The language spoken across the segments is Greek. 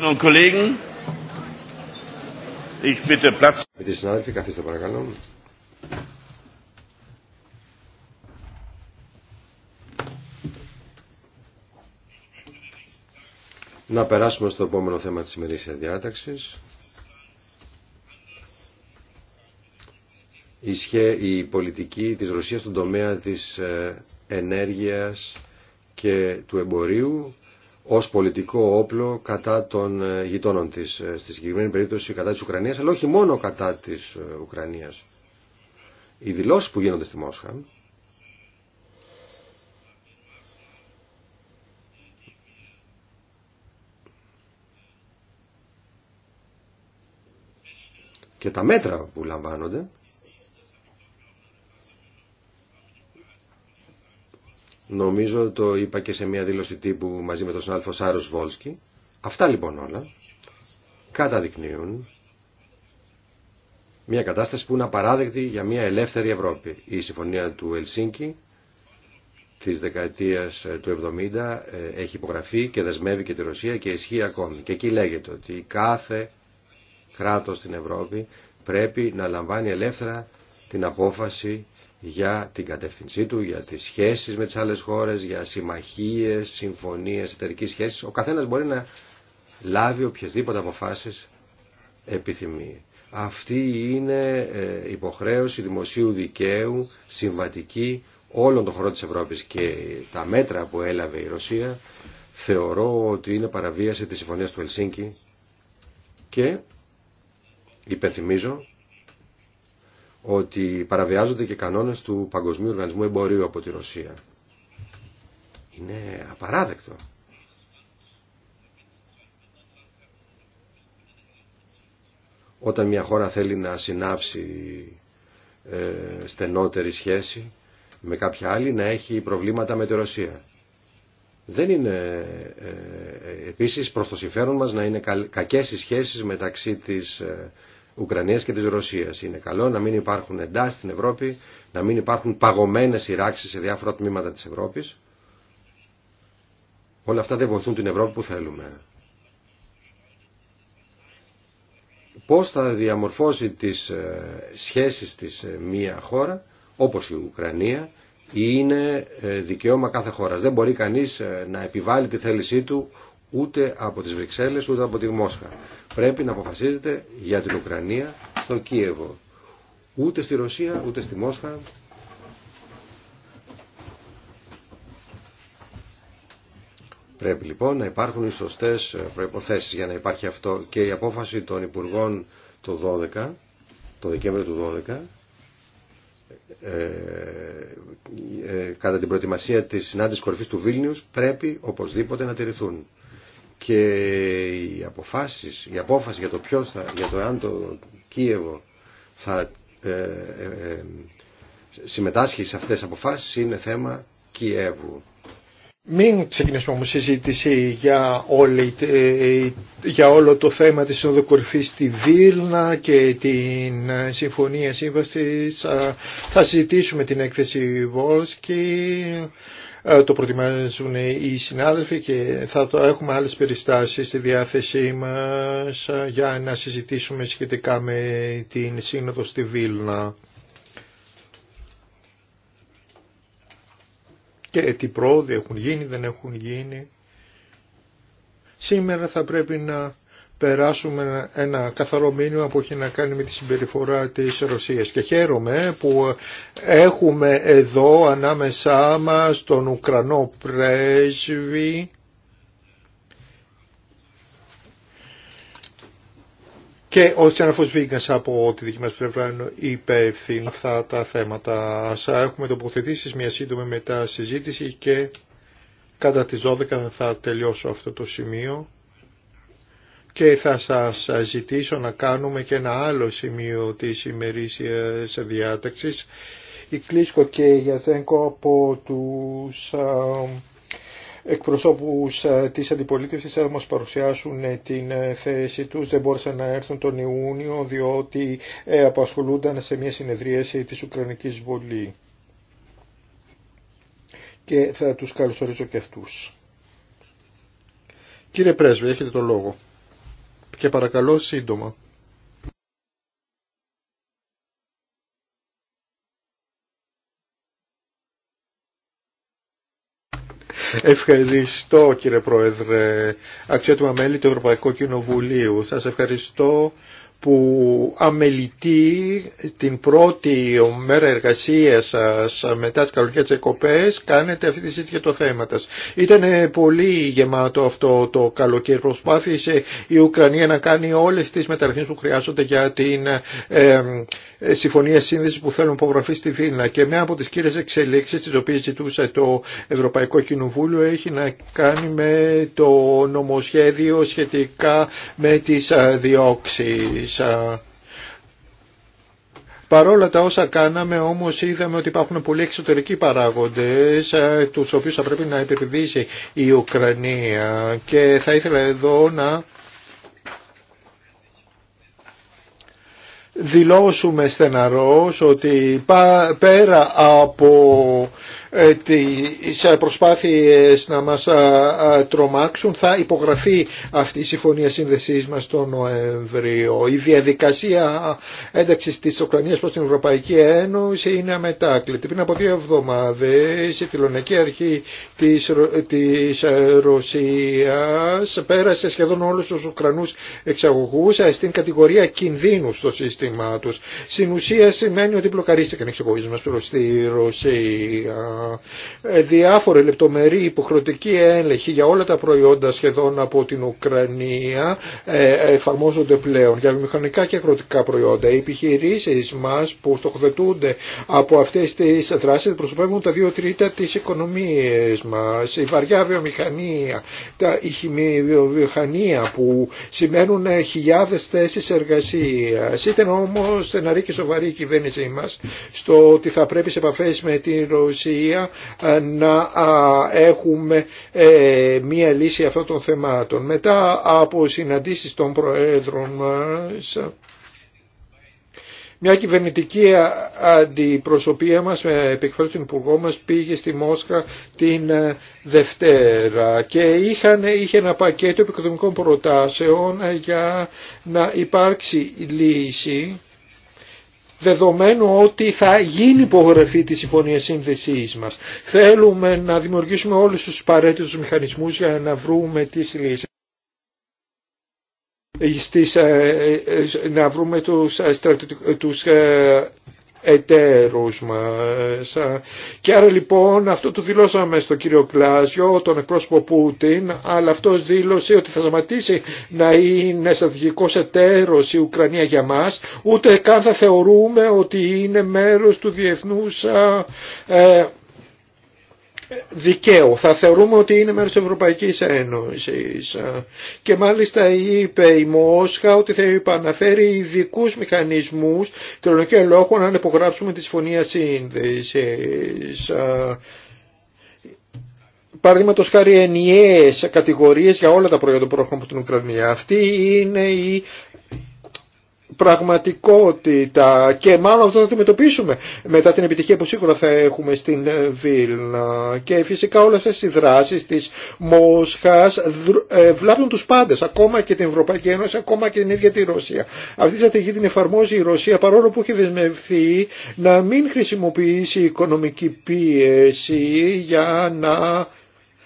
Kolleginnen und Kollegen, ich bitte Platz. Bitte schnell, συνάδελφοι, καθίστε παρακαλώ. Να περάσουμε στο επόμενο θέμα της σημερινής διάταξης. Ισχέ η πολιτική της Ρωσίας στον τομέα της ε, ενέργειας και του εμπορίου ως πολιτικό όπλο κατά των ε, γειτόνων της, ε, στη συγκεκριμένη περίπτωση κατά της Ουκρανίας, αλλά όχι μόνο κατά της ε, Ουκρανίας. Οι δηλώσεις που γίνονται στη Μόσχα και τα μέτρα που λαμβάνονται Νομίζω το είπα και σε μια δήλωση τύπου μαζί με τον συνάδελφο Σάρος Βόλσκι. Αυτά λοιπόν όλα καταδεικνύουν μια κατάσταση που είναι απαράδεκτη για μια ελεύθερη Ευρώπη. Η συμφωνία του Ελσίνκη της δεκαετίας ε, του 70 ε, έχει υπογραφεί και δεσμεύει και τη Ρωσία και ισχύει ακόμη. Και εκεί λέγεται ότι κάθε κράτος στην Ευρώπη πρέπει να λαμβάνει ελεύθερα την απόφαση για την κατεύθυνσή του, για τις σχέσεις με τις άλλες χώρες, για συμμαχίες, συμφωνίες, εταιρικέ σχέσεις. Ο καθένας μπορεί να λάβει οποιασδήποτε αποφάσεις επιθυμεί. Αυτή είναι ε, υποχρέωση δημοσίου δικαίου, συμβατική όλων των χωρών της Ευρώπης και τα μέτρα που έλαβε η Ρωσία θεωρώ ότι είναι παραβίαση της συμφωνίας του Ελσίνκη και υπενθυμίζω ότι παραβιάζονται και κανόνες του Παγκοσμίου Οργανισμού Εμπορίου από τη Ρωσία. Είναι απαράδεκτο. Όταν μια χώρα θέλει να συνάψει ε, στενότερη σχέση με κάποια άλλη, να έχει προβλήματα με τη Ρωσία. Δεν είναι ε, ε επίσης προς το συμφέρον μας να είναι κακές οι σχέσεις μεταξύ της ε, Ουκρανίας και της Ρωσίας. Είναι καλό να μην υπάρχουν εντάσεις στην Ευρώπη, να μην υπάρχουν παγωμένες σειράξει σε διάφορα τμήματα της Ευρώπης. Όλα αυτά δεν βοηθούν την Ευρώπη που θέλουμε. Πώς θα διαμορφώσει τις ε, σχέσεις της ε, μία χώρα, όπως η Ουκρανία, είναι ε, δικαίωμα κάθε χώρας. Δεν μπορεί κανείς να επιβάλλει τη θέλησή του ούτε από τις Βρυξέλλες ούτε από τη Μόσχα. Πρέπει να αποφασίζεται για την Ουκρανία στο Κίεβο. Ούτε στη Ρωσία ούτε στη Μόσχα. Πρέπει λοιπόν να υπάρχουν οι σωστές ε, προϋποθέσεις για να υπάρχει αυτό και η απόφαση των Υπουργών το 12, το Δεκέμβριο του 12, ε, ε, ε, κατά την προετοιμασία της συνάντησης κορυφής του Βίλνιους πρέπει οπωσδήποτε να τηρηθούν και οι αποφάσεις, η απόφαση για το ποιος θα, για το αν το Κίεβο θα ε, ε, ε, συμμετάσχει σε αυτές τις αποφάσεις είναι θέμα Κιέβου. Μην ξεκινήσουμε όμως συζήτηση για, για όλο το θέμα της συνοδοκορφής στη Βίλνα και την Συμφωνία Σύμβασης. Θα συζητήσουμε την έκθεση Βόλσκι ε, το προτιμάζουν οι συνάδελφοι και θα το έχουμε άλλες περιστάσεις στη διάθεσή μας ε, για να συζητήσουμε σχετικά με την σύνοδο στη Βίλνα. Και τι πρόοδοι έχουν γίνει, δεν έχουν γίνει. Σήμερα θα πρέπει να περάσουμε ένα καθαρό μήνυμα που έχει να κάνει με τη συμπεριφορά της Ρωσίας. Και χαίρομαι που έχουμε εδώ ανάμεσά μας τον Ουκρανό πρέσβη και ο Τσέναφος Βίγκας από τη δική μας πλευρά είναι αυτά τα θέματα. Ας έχουμε τοποθετήσει μια σύντομη μετά συζήτηση και κατά τις 12 θα τελειώσω αυτό το σημείο και θα σας ζητήσω να κάνουμε και ένα άλλο σημείο της ημερήσιας διάταξης η Κλίσκο και η από τους εκπροσώπους της αντιπολίτευσης θα μας παρουσιάσουν ε, την ε, θέση τους. Δεν μπόρεσαν να έρθουν τον Ιούνιο διότι ε, απασχολούνταν σε μια συνεδρίαση της Ουκρανικής Βολή. Και θα τους καλωσορίσω και αυτούς. Κύριε Πρέσβη, έχετε το λόγο και παρακαλώ σύντομα. Ευχαριστώ κύριε Πρόεδρε, αξιότιμα μέλη του Ευρωπαϊκού Κοινοβουλίου. Σας ευχαριστώ που αμελητεί την πρώτη μέρα εργασία σα μετά τις καλοκαιρινές εκοπές κάνετε αυτή τη συζήτηση για το θέμα σας. Ήταν πολύ γεμάτο αυτό το καλοκαίρι. Προσπάθησε η Ουκρανία να κάνει όλες τις μεταρρυθμίσεις που χρειάζονται για την συμφωνία σύνδεση που θέλουν υπογραφεί στη Βίνα Και μια από τις κύριες εξελίξεις τις οποίες ζητούσε το Ευρωπαϊκό Κοινοβούλιο έχει να κάνει με το νομοσχέδιο σχετικά με τις ε, διώξει Παρόλα τα όσα κάναμε όμως είδαμε ότι υπάρχουν πολλοί εξωτερικοί παράγοντες τους οποίους θα πρέπει να επιβιδίσει η Ουκρανία και θα ήθελα εδώ να δηλώσουμε στεναρός ότι πέρα από ε, τις προσπάθειες να μας τρομάξουν θα υπογραφεί αυτή η συμφωνία σύνδεσής μας τον Νοέμβριο. Η διαδικασία ένταξης της Ουκρανίας προς την Ευρωπαϊκή Ένωση είναι αμετάκλητη. Πριν από δύο εβδομάδες η τηλεονική αρχή της, της ε, Ρωσίας πέρασε σχεδόν όλους τους Ουκρανούς εξαγωγούς ε, στην κατηγορία κινδύνου στο σύστημά τους. Στην ουσία σημαίνει ότι μπλοκαρίστηκαν εξαγωγές μας τη Ρωσία ε, διάφορη λεπτομερή υποχρεωτική έλεγχη για όλα τα προϊόντα σχεδόν από την Ουκρανία ε, εφαρμόζονται πλέον για βιομηχανικά και αγροτικά προϊόντα. Οι επιχειρήσει μα που στοχοθετούνται από αυτέ τι δράσει προσωπεύουν τα δύο τρίτα τη οικονομία μα, Η βαριά βιομηχανία, τα, η που σημαίνουν ε, χιλιάδε θέσει εργασία. Ήταν όμω στεναρή και σοβαρή η κυβέρνησή μα, στο ότι θα πρέπει σε επαφέ με την Ρωσία ε, να έχουμε ε, μία λύση αυτών των θεμάτων. Μετά από συναντήσεις των Προέδρων μας, μια κυβερνητική ε, αντιπροσωπεία μας με επικεφαλής του Υπουργό μας πήγε στη Μόσχα την Δευτέρα και είχαν, είχε ένα πακέτο επικοδομικών προτάσεων για να υπάρξει λύση δεδομένου ότι θα γίνει υπογραφή της συμφωνίας σύνδεσής μας. Θέλουμε να δημιουργήσουμε όλους τους παρέτητους μηχανισμούς για να βρούμε τις λύσεις. Ε, ε, ε, να βρούμε τους, τους εταίρους μας. Και άρα λοιπόν αυτό το δηλώσαμε στον κύριο Κλάσιο, τον εκπρόσωπο Πούτιν, αλλά αυτός δήλωσε ότι θα σταματήσει να είναι στρατηγικός εταίρος η Ουκρανία για μας, ούτε καν θα θεωρούμε ότι είναι μέρος του διεθνούς ε, δικαίου. Θα θεωρούμε ότι είναι μέρος της Ευρωπαϊκής Ένωσης. Και μάλιστα είπε η Μόσχα ότι θα επαναφέρει ειδικού μηχανισμούς και λόγω να υπογράψουμε τη Συμφωνία Σύνδεσης. Παραδείγματο χάρη ενιαίε κατηγορίε για όλα τα προϊόντα που προέρχονται από την Ουκρανία. Αυτή είναι η πραγματικότητα και μάλλον αυτό θα το αντιμετωπίσουμε μετά την επιτυχία που σίγουρα θα έχουμε στην Βίλνα και φυσικά όλες αυτές οι δράσεις της Μόσχας ε, βλάπτουν τους πάντες ακόμα και την Ευρωπαϊκή Ένωση, ακόμα και την ίδια τη Ρωσία. Αυτή τη στρατηγική την εφαρμόζει η Ρωσία παρόλο που έχει δεσμευθεί να μην χρησιμοποιήσει οικονομική πίεση για να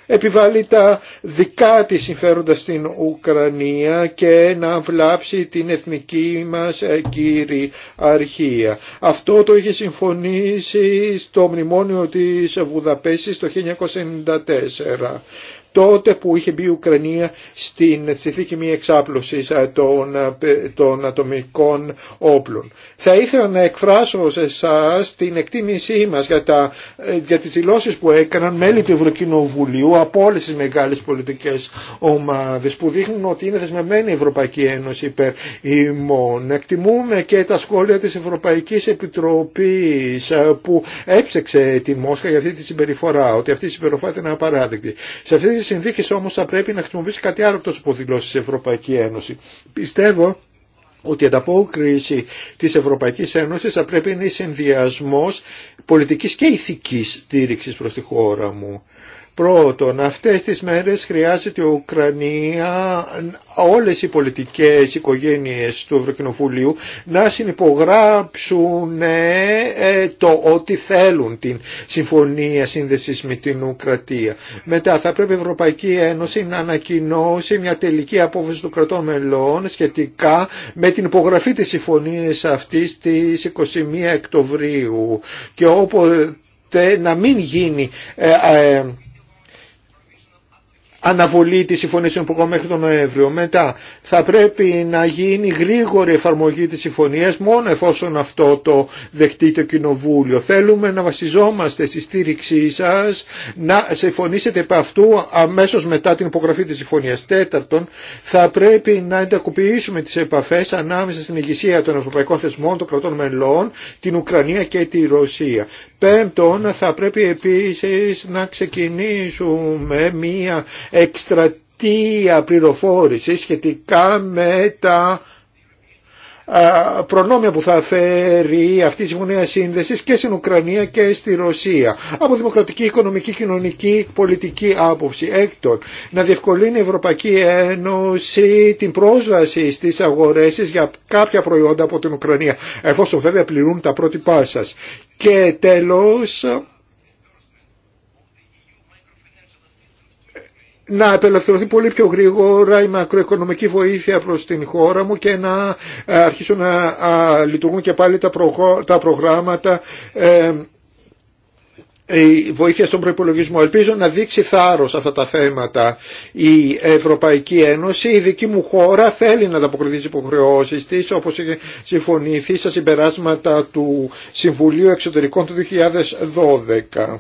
επιβάλλει τα δικά της συμφέροντα στην Ουκρανία και να βλάψει την εθνική μας ε, κυριαρχία. Αυτό το είχε συμφωνήσει στο μνημόνιο της Βουδαπέστης το 1994 τότε που είχε μπει η Ουκρανία στην θήκη μη εξάπλωση ε, των, ε, των ατομικών όπλων. Θα ήθελα να εκφράσω σε εσά την εκτίμησή μα για, τα, ε, για τις δηλώσεις που έκαναν μέλη του Ευρωκοινοβουλίου από όλε τι μεγάλε πολιτικέ ομάδε που δείχνουν ότι είναι δεσμευμένη η Ευρωπαϊκή Ένωση υπέρ ημών. Εκτιμούμε και τα σχόλια τη Ευρωπαϊκή Επιτροπή που έψεξε τη Μόσχα για αυτή τη συμπεριφορά, ότι αυτή η συμπεριφορά ήταν απαράδεκτη. Σε αυτή τις συνθήκες όμως θα πρέπει να χρησιμοποιήσει κάτι άλλο από δηλώσεις της Ευρωπαϊκή Ένωση. Πιστεύω ότι η ανταπόκριση της Ευρωπαϊκής Ένωσης θα πρέπει να είναι συνδυασμός πολιτικής και ηθικής στήριξης προς τη χώρα μου. Πρώτον, αυτές τις μέρες χρειάζεται η Ουκρανία όλες οι πολιτικές οικογένειες του Ευρωκοινοβουλίου να συνυπογράψουν ε, ε, το ότι θέλουν την συμφωνία σύνδεσης με την Ουκρατία. Μετά θα πρέπει η Ευρωπαϊκή Ένωση να ανακοινώσει μια τελική απόφαση των κρατών μελών σχετικά με την υπογραφή της συμφωνίας αυτής της 21 Οκτωβρίου και όποτε να μην γίνει ε, αναβολή της συμφωνίας που μέχρι τον Νοέμβριο. Μετά θα πρέπει να γίνει γρήγορη εφαρμογή της συμφωνίας μόνο εφόσον αυτό το δεχτεί το Κοινοβούλιο. Θέλουμε να βασιζόμαστε στη στήριξή σας, να συμφωνήσετε επ' αυτού αμέσως μετά την υπογραφή της συμφωνίας. Τέταρτον, θα πρέπει να εντακοποιήσουμε τις επαφές ανάμεσα στην ηγεσία των Ευρωπαϊκών Θεσμών, των κρατών μελών, την Ουκρανία και τη Ρωσία. Πέμπτον, θα πρέπει επίσης να ξεκινήσουμε μία εκστρατεία πληροφόρηση σχετικά με τα προνόμια που θα φέρει αυτή η συμφωνία σύνδεσης και στην Ουκρανία και στη Ρωσία. Από δημοκρατική, οικονομική, κοινωνική, πολιτική άποψη. Έκτον, να διευκολύνει η Ευρωπαϊκή Ένωση την πρόσβαση στις αγορές για κάποια προϊόντα από την Ουκρανία, εφόσον βέβαια πληρούν τα πρότυπά σας. Και τέλος, να απελευθερωθεί πολύ πιο γρήγορα η μακροοικονομική βοήθεια προς την χώρα μου και να ε, αρχίσουν να λειτουργούν και πάλι τα προγράμματα ε, η βοήθεια στον προπολογισμό. Ελπίζω να δείξει θάρρος αυτά τα θέματα η Ευρωπαϊκή Ένωση. Η δική μου χώρα θέλει να ανταποκριθεί στις υποχρεώσεις της όπως είχε συμφωνηθεί στα συμπεράσματα του Συμβουλίου Εξωτερικών του 2012.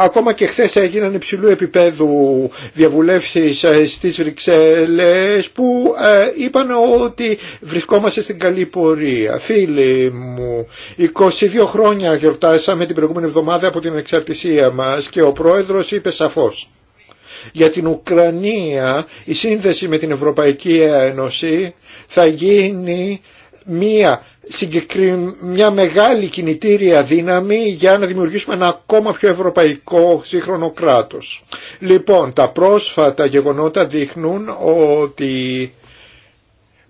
Ακόμα και χθες έγιναν υψηλού επίπεδου διαβουλεύσεις ε, στις Βρυξέλλες που ε, είπαν ότι βρισκόμαστε στην καλή πορεία. Φίλοι μου, 22 χρόνια γιορτάσαμε την προηγούμενη εβδομάδα από την εξαρτησία μας και ο πρόεδρος είπε σαφώς. Για την Ουκρανία η σύνδεση με την Ευρωπαϊκή Ένωση θα γίνει μία μια μεγάλη κινητήρια δύναμη για να δημιουργήσουμε ένα ακόμα πιο ευρωπαϊκό σύγχρονο κράτος. Λοιπόν, τα πρόσφατα γεγονότα δείχνουν ότι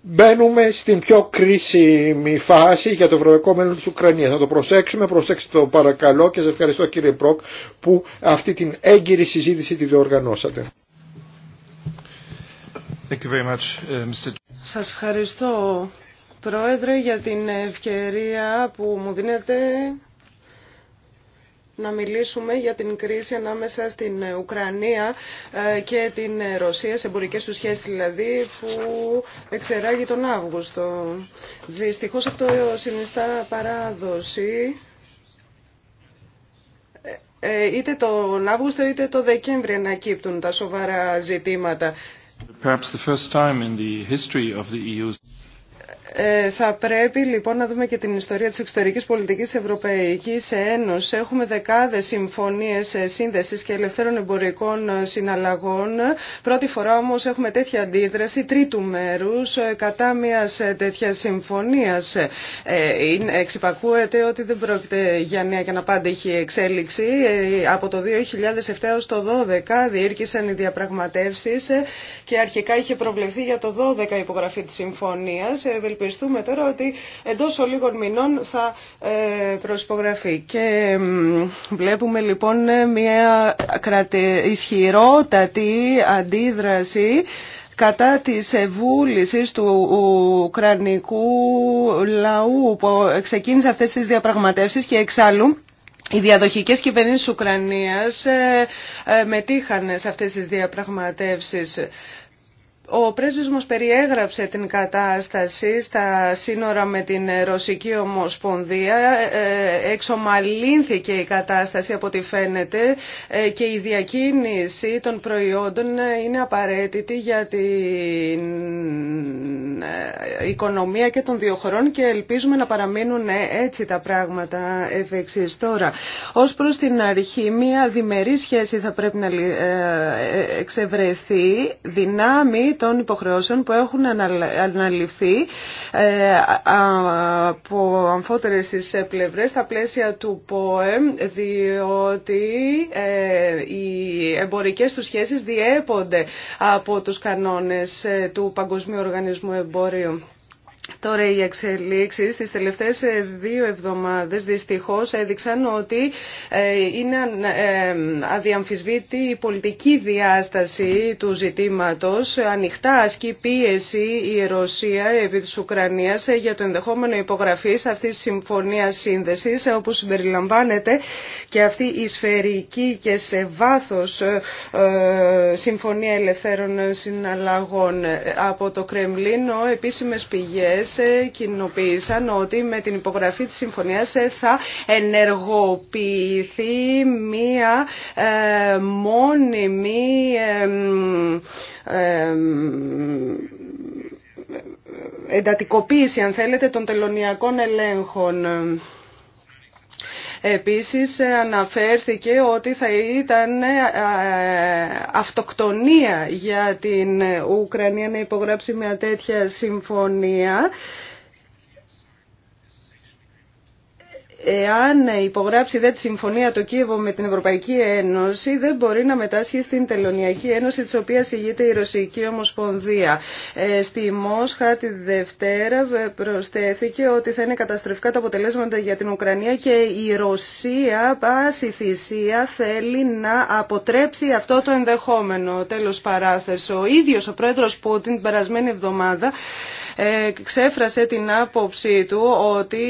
μπαίνουμε στην πιο κρίσιμη φάση για το ευρωπαϊκό μέλλον της Ουκρανίας. Να το προσέξουμε, προσέξτε το παρακαλώ και σας ευχαριστώ κύριε Πρόκ που αυτή την έγκυρη συζήτηση τη διοργανώσατε. Thank uh, ευχαριστώ Πρόεδρε, για την ευκαιρία που μου δίνετε να μιλήσουμε για την κρίση ανάμεσα στην Ουκρανία ε, και την Ρωσία, σε εμπορικές του σχέσεις δηλαδή, που εξεράγει τον Αύγουστο. Δυστυχώς αυτό συνιστά παράδοση ε, ε, είτε τον Αύγουστο είτε το Δεκέμβρη ανακύπτουν τα σοβαρά ζητήματα. the e ε, θα πρέπει λοιπόν να δούμε και την ιστορία της εξωτερικής πολιτικής Ευρωπαϊκής Ένωσης. Έχουμε δεκάδες συμφωνίες ε, σύνδεσης και ελευθέρων εμπορικών ε, συναλλαγών. Πρώτη φορά όμως έχουμε τέτοια αντίδραση τρίτου μέρους κατά μιας τέτοια συμφωνίας. Εξυπακούεται ότι δεν πρόκειται για νέα και να πάντα είχε εξέλιξη. Από το 2007 έως το 2012 διήρκησαν οι διαπραγματεύσεις και αρχικά είχε προβλεφθεί για το 2012 υπογραφή της συμφωνίας ελπιστούμε τώρα ότι εντός ολίγων μηνών θα ε, προσπογραφεί. Και βλέπουμε λοιπόν μια ισχυρότατη αντίδραση κατά της βούλησης του Ουκρανικού λαού που ξεκίνησε αυτές τις διαπραγματεύσεις και εξάλλου οι διαδοχικές κυβερνήσεις της Ουκρανίας ε, ε, μετήχαν σε αυτές τις διαπραγματεύσεις. Ο πρέσβης μας περιέγραψε την κατάσταση στα σύνορα με την Ρωσική Ομοσπονδία. Ε, ε, εξομαλύνθηκε η κατάσταση από ό,τι φαίνεται ε, και η διακίνηση των προϊόντων είναι απαραίτητη για την οικονομία και των δύο χωρών και ελπίζουμε να παραμείνουν έτσι τα πράγματα εφεξής Τώρα, ως προς την αρχή, μία διμερή σχέση θα πρέπει να εξευρεθεί δυνάμει των υποχρεώσεων που έχουν αναλυφθεί ε, από αμφότερες τις πλευρές στα πλαίσια του ΠΟΕΜ διότι ε, οι εμπορικές του σχέσεις διέπονται από τους κανόνες ε, του Παγκοσμίου Οργανισμού Εμπόριου. Τώρα οι εξελίξεις τις τελευταίες ε, δύο εβδομάδες δυστυχώς έδειξαν ότι ε, είναι ε, αδιαμφισβήτη η πολιτική διάσταση του ζητήματος. Ανοιχτά ασκεί πίεση η Ρωσία επί της Ουκρανίας για το ενδεχόμενο υπογραφής αυτής της συμφωνίας σύνδεσης όπου συμπεριλαμβάνεται και αυτή η σφαιρική και σε βάθος Συμφωνία Ελευθέρων Συναλλαγών από το Κρεμλίνο επίσημες πηγές ε, κοινοποίησαν ότι με την υπογραφή της συμφωνίας ε, θα ενεργοποιηθεί μία ε, μόνιμη εντατικοποίηση, αν θέλετε, των τελωνιακών ελέγχων. Επίσης αναφέρθηκε ότι θα ήταν ε, αυτοκτονία για την Ουκρανία να υπογράψει μια τέτοια συμφωνία εάν υπογράψει δε τη συμφωνία το Κίεβο με την Ευρωπαϊκή Ένωση, δεν μπορεί να μετάσχει στην Τελωνιακή Ένωση, της οποίας ηγείται η Ρωσική Ομοσπονδία. Ε, στη Μόσχα τη Δευτέρα προσθέθηκε ότι θα είναι καταστροφικά τα αποτελέσματα για την Ουκρανία και η Ρωσία, πάση θυσία, θέλει να αποτρέψει αυτό το ενδεχόμενο. τέλο παράθεσο. Ο ίδιο ο πρόεδρος Πούτιν την περασμένη εβδομάδα ε, ξέφρασε την άποψή του ότι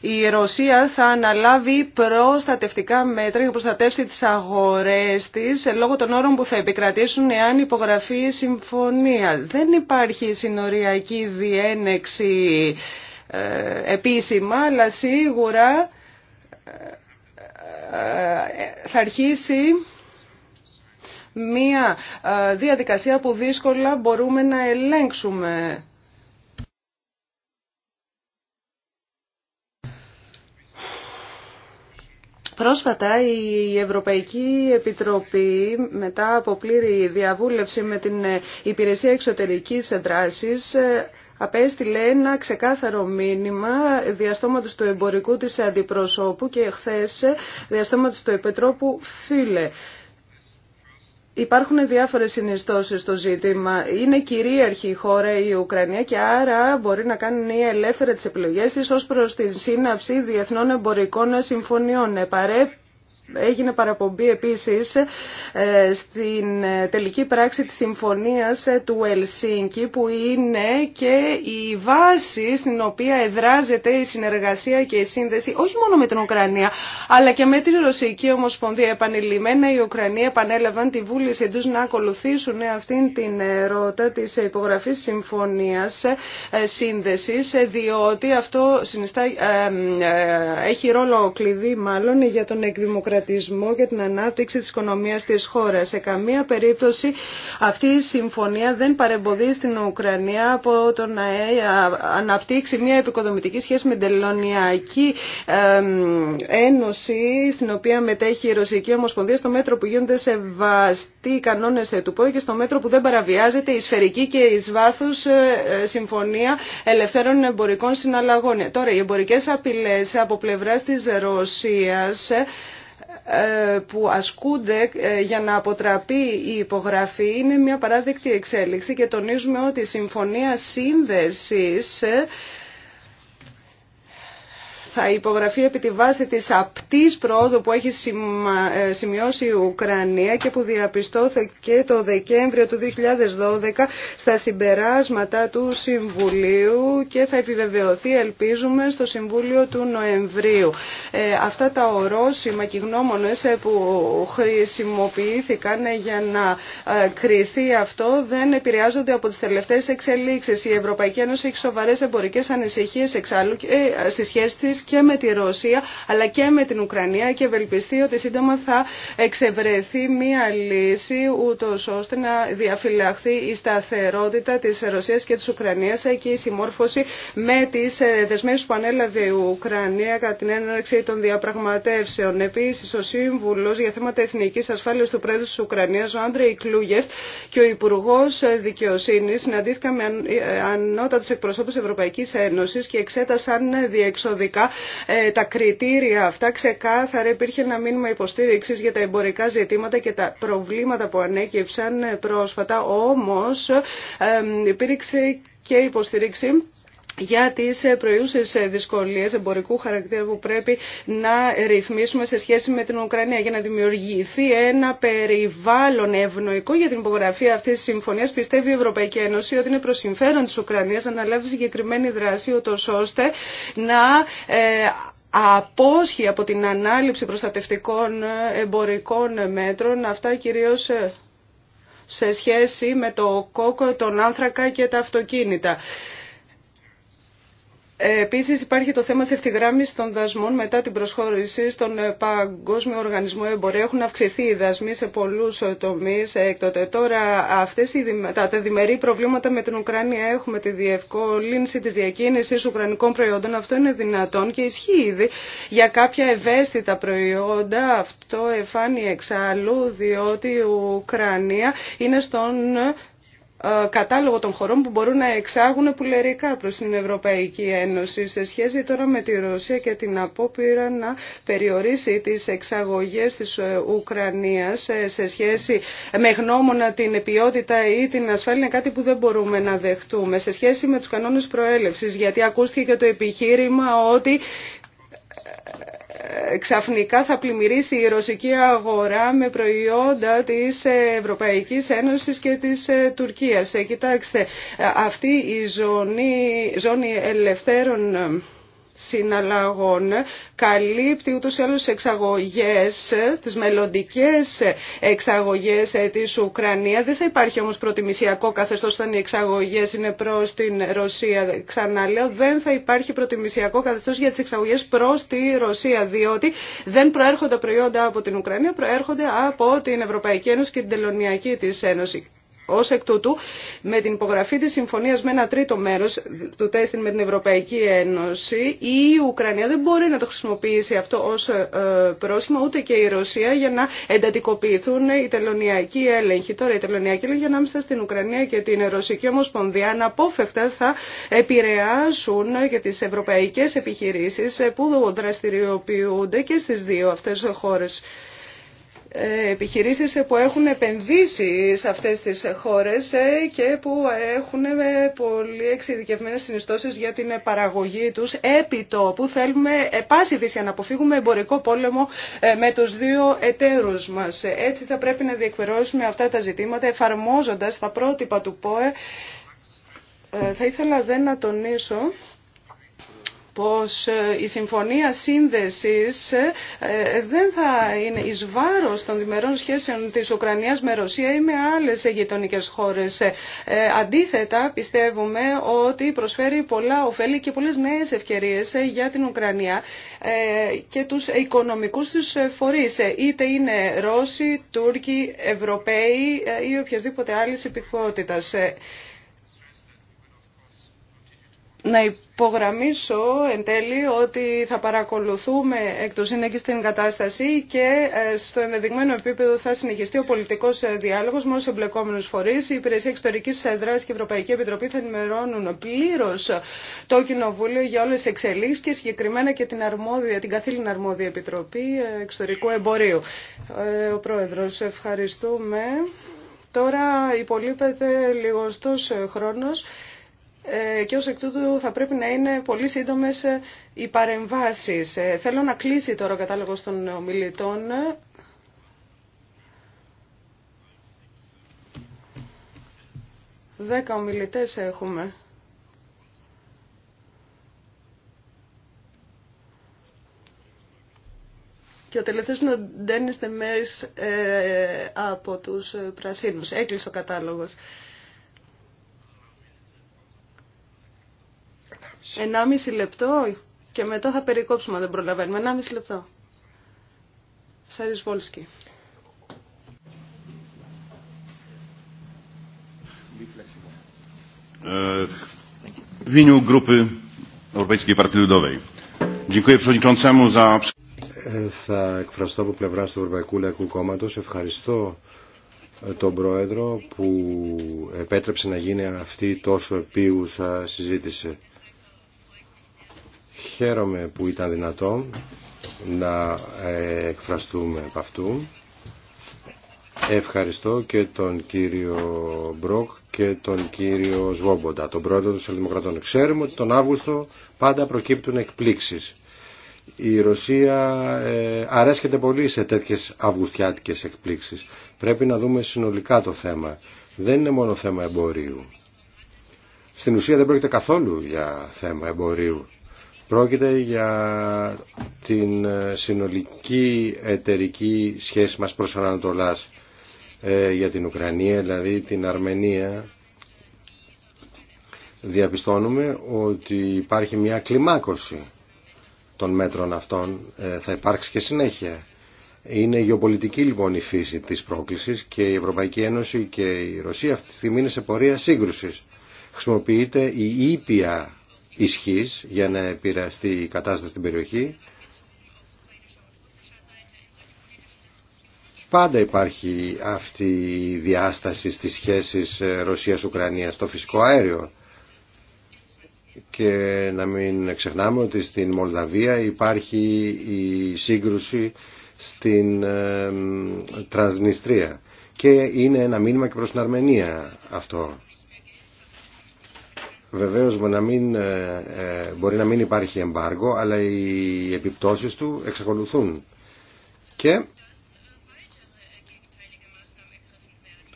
η Ρωσία θα αναλάβει προστατευτικά μέτρα για να προστατεύσει τις αγορές της ε, λόγω των όρων που θα επικρατήσουν εάν υπογραφεί η συμφωνία. Δεν υπάρχει συνοριακή διένεξη ε, επίσημα, αλλά σίγουρα θα αρχίσει μία διαδικασία που δύσκολα μπορούμε να ελέγξουμε. Πρόσφατα η Ευρωπαϊκή Επιτροπή μετά από πλήρη διαβούλευση με την ε, Υπηρεσία Εξωτερικής Δράσης ε, απέστειλε ένα ξεκάθαρο μήνυμα διαστόματος του εμπορικού της αντιπροσώπου και χθες ε, διαστόματος του Επιτρόπου Φίλε. Υπάρχουν διάφορες συνιστώσεις στο ζήτημα. Είναι κυρίαρχη η χώρα η Ουκρανία και άρα μπορεί να κάνει ελεύθερα τις επιλογές της ως προς τη σύναψη διεθνών εμπορικών συμφωνιών. Ε, παρέ Έγινε παραπομπή επίσης ε, στην ε, τελική πράξη της συμφωνίας ε, του Ελσίνκη που είναι και η βάση στην οποία εδράζεται η συνεργασία και η σύνδεση όχι μόνο με την Ουκρανία αλλά και με την Ρωσική Ομοσπονδία. Επανειλημμένα οι Ουκρανοί επανέλαβαν τη βούληση τους να ακολουθήσουν αυτήν την ρότα της υπογραφής συμφωνίας σύνδεσης διότι αυτό συνιστά, έχει ρόλο κλειδί μάλλον για τον εκδημοκρατισμό για και την ανάπτυξη της οικονομίας της χώρας. Σε καμία περίπτωση αυτή η συμφωνία δεν παρεμποδίζει την Ουκρανία από το να ε, αναπτύξει μια επικοδομητική σχέση με την Τελωνιακή Ένωση στην οποία μετέχει η Ρωσική Ομοσπονδία στο μέτρο που γίνονται σεβαστοί οι κανόνες του ΠΟΕ και στο μέτρο που δεν παραβιάζεται η σφαιρική και εις βάθους ε, ε, συμφωνία ελευθέρων εμπορικών συναλλαγών. Τώρα, οι εμπορικές απειλές από πλευράς της Ρωσίας ε, που ασκούνται ε, για να αποτραπεί η υπογραφή είναι μια παράδεκτη εξέλιξη και τονίζουμε ότι η Συμφωνία Σύνδεσης ε, θα υπογραφεί επί τη βάση της απτής πρόοδου που έχει ε, σημειώσει η Ουκρανία και που διαπιστώθηκε το Δεκέμβριο του 2012 στα συμπεράσματα του Συμβουλίου και θα επιβεβαιωθεί ελπίζουμε στο Συμβούλιο του Νοεμβρίου. Ε, αυτά τα ορόσημα και ε, που χρησιμοποιήθηκαν για να κρυθεί αυτό δεν επηρεάζονται από τις τελευταίες εξελίξεις. Η Ευρωπαϊκή Ένωση έχει σοβαρές εμπορικές ανησυχίες εξάλλου στις σχέσεις και με τη Ρωσία αλλά και με την Ουκρανία και ευελπιστεί ότι σύντομα θα εξευρεθεί μία λύση ούτω ώστε να διαφυλαχθεί η σταθερότητα τη Ρωσία και τη Ουκρανία και η συμμόρφωση με τι ε, δεσμεύσεις που ανέλαβε η Ουκρανία κατά την έναρξη των διαπραγματεύσεων. Επίση, ο σύμβουλο για θέματα εθνική ασφάλεια του Πρέδρου τη Ουκρανία, ο Άντρεϊ Κλούγεφ και ο υπουργό Δικαιοσύνη συναντήθηκαν με ε, ανώτατου εκπροσώπου Ευρωπαϊκή Ένωση και εξέτασαν διεξοδικά ε, τα κριτήρια αυτά, ξεκάθαρα υπήρχε ένα μήνυμα υποστήριξη για τα εμπορικά ζητήματα και τα προβλήματα που ανέκυψαν πρόσφατα. Όμω ε, ε, υπήρξε και υποστήριξη για τις ε, προϊούσες ε, δυσκολίες εμπορικού χαρακτήρα που πρέπει να ρυθμίσουμε σε σχέση με την Ουκρανία για να δημιουργηθεί ένα περιβάλλον ευνοϊκό για την υπογραφή αυτής της συμφωνίας. Πιστεύει η Ευρωπαϊκή Ένωση ότι είναι προς συμφέρον της Ουκρανίας να αναλάβει συγκεκριμένη δράση ούτως ώστε να ε, απόσχει από την ανάληψη προστατευτικών εμπορικών μέτρων αυτά κυρίως σε σχέση με το κόκο, τον άνθρακα και τα αυτοκίνητα. Επίση, υπάρχει το θέμα τη ευθυγράμμιση των δασμών μετά την προσχώρηση στον Παγκόσμιο Οργανισμό Εμπορία. Έχουν αυξηθεί οι δασμοί σε πολλούς τομείς έκτοτε. Ε, τώρα αυτέ τα, διμερεί προβλήματα με την Ουκρανία έχουμε τη διευκόλυνση τη διακίνηση ουκρανικών προϊόντων. Αυτό είναι δυνατόν και ισχύει ήδη για κάποια ευαίσθητα προϊόντα. Αυτό εφάνει εξάλλου διότι η Ουκρανία είναι στον ε, κατάλογο των χωρών που μπορούν να εξάγουν πουλερικά προς την Ευρωπαϊκή Ένωση σε σχέση τώρα με τη Ρωσία και την απόπειρα να περιορίσει τις εξαγωγές της ε, Ουκρανίας ε, σε σχέση με γνώμονα την ποιότητα ή την ασφάλεια είναι κάτι που δεν μπορούμε να δεχτούμε σε σχέση με τους κανόνες προέλευσης γιατί ακούστηκε και το επιχείρημα ότι ε, ξαφνικά θα πλημμυρίσει η ρωσική αγορά με προϊόντα της Ευρωπαϊκής Ένωσης και της ε, Τουρκίας. Ε, κοιτάξτε, αυτή η ζώνη, ζώνη ελευθέρων συναλλαγών καλύπτει ούτως ή άλλως εξαγωγές, τις μελλοντικές εξαγωγές ε, της Ουκρανίας. Δεν θα υπάρχει όμως προτιμησιακό καθεστώς όταν οι εξαγωγές είναι προς την Ρωσία. Ξαναλέω, δεν θα υπάρχει προτιμησιακό καθεστώς για τις εξαγωγές προς τη Ρωσία, διότι δεν προέρχονται προϊόντα από την Ουκρανία, προέρχονται από την Ευρωπαϊκή Ένωση και την Τελωνιακή της Ένωση. Ω εκ τούτου, με την υπογραφή τη συμφωνία με ένα τρίτο μέρο του τέστην με την Ευρωπαϊκή Ένωση, η Ουκρανία δεν μπορεί να το χρησιμοποιήσει αυτό ω ε, πρόσχημα, ούτε και η Ρωσία, για να εντατικοποιηθούν οι τελωνιακοί έλεγχοι. Τώρα, οι τελωνιακοί έλεγχοι ανάμεσα στην Ουκρανία και την Ρωσική Ομοσπονδία αναπόφευκτα θα επηρεάσουν και τι ευρωπαϊκέ επιχειρήσει ε, που δραστηριοποιούνται και στι δύο αυτέ χώρε. Ε, επιχειρήσεις που έχουν επενδύσει σε αυτές τις χώρες ε, και που έχουν ε, πολύ εξειδικευμένες συνιστώσεις για την παραγωγή τους επί το που Θέλουμε πάση να αποφύγουμε εμπορικό πόλεμο με τους δύο εταίρους μας. Έτσι θα πρέπει να διεκπαιρώσουμε αυτά τα ζητήματα εφαρμόζοντας τα πρότυπα του ΠΟΕ. Θα ήθελα δεν να τονίσω πως ε, η συμφωνία σύνδεσης ε, ε, δεν θα είναι εις βάρος των διμερών σχέσεων της Ουκρανίας με Ρωσία ή με άλλες γειτονικές χώρες. Αντίθετα, πιστεύουμε ότι προσφέρει πολλά ωφέλη και πολλές νέες ευκαιρίες για την Ουκρανία και τους οικονομικούς τους φορείς, είτε είναι Ρώσοι, Τούρκοι, Ευρωπαίοι ή οποιασδήποτε άλλης υπηκότητας. Να υπογραμμίσω εν τέλει ότι θα παρακολουθούμε εκ του την κατάσταση και ε, στο ενδεδειγμένο επίπεδο θα συνεχιστεί ο πολιτικός ε, διάλογος με όλους εμπλεκόμενους φορείς. Η Υπηρεσία Εξωτερικής Δράσης και η Ευρωπαϊκή Επιτροπή θα ενημερώνουν πλήρως το Κοινοβούλιο για όλες τις εξελίξεις και συγκεκριμένα και την, αρμόδια, την καθήλυνα αρμόδια Επιτροπή ε, Εξωτερικού Εμπορίου. Ο Πρόεδρος, ευχαριστούμε. Τώρα υπολείπεται λίγοστό χρόνος. Ε, και ως εκ τούτου θα πρέπει να είναι πολύ σύντομες ε, οι παρεμβάσεις. Ε, θέλω να κλείσει τώρα ο κατάλογος των ομιλητών. Δέκα ομιλητές έχουμε. Και ο τελευταίος είναι ο Ντένις από τους Πρασίνους. Έκλεισε ο κατάλογος. 1,5 λεπτό και μετά θα περικόψουμε αν δεν προλαβαίνουμε. 1,5 λεπτό. Σάρις Βόλσκι. Θα εκφραστώ από πλευρά του Ευρωπαϊκού Λαϊκού Κόμματο. Ευχαριστώ ε, τον Πρόεδρο που επέτρεψε να γίνει αυτή τόσο επίγουσα συζήτηση. Χαίρομαι που ήταν δυνατό να ε, εκφραστούμε από αυτού. Ευχαριστώ και τον κύριο Μπροκ και τον κύριο Σβόμποντα, τον πρόεδρο των Σελδημοκρατών. Ξέρουμε ότι τον Αύγουστο πάντα προκύπτουν εκπλήξεις. Η Ρωσία ε, αρέσκεται πολύ σε τέτοιες αυγουστιάτικες εκπλήξεις. Πρέπει να δούμε συνολικά το θέμα. Δεν είναι μόνο θέμα εμπορίου. Στην ουσία δεν πρόκειται καθόλου για θέμα εμπορίου. Πρόκειται για την ε, συνολική εταιρική σχέση μας προς Ανατολάς ε, για την Ουκρανία, δηλαδή την Αρμενία. Διαπιστώνουμε ότι υπάρχει μια κλιμάκωση των μέτρων αυτών, ε, θα υπάρξει και συνέχεια. Είναι γεωπολιτική λοιπόν η φύση της πρόκλησης και η Ευρωπαϊκή Ένωση και η Ρωσία αυτή τη στιγμή είναι σε πορεία σύγκρουσης. Χρησιμοποιείται η ήπια ισχύς για να επηρεαστεί η κατάσταση στην περιοχή. Πάντα υπάρχει αυτή η διάσταση στις σχέσεις ε, Ρωσίας-Ουκρανίας στο φυσικό αέριο. Και να μην ξεχνάμε ότι στην Μολδαβία υπάρχει η σύγκρουση στην Τρανσνιστρία. Ε, και είναι ένα μήνυμα και προς την Αρμενία αυτό. Βεβαίως να μην, ε, ε, μπορεί να μην υπάρχει εμπάργο, αλλά οι επιπτώσεις του εξακολουθούν. Και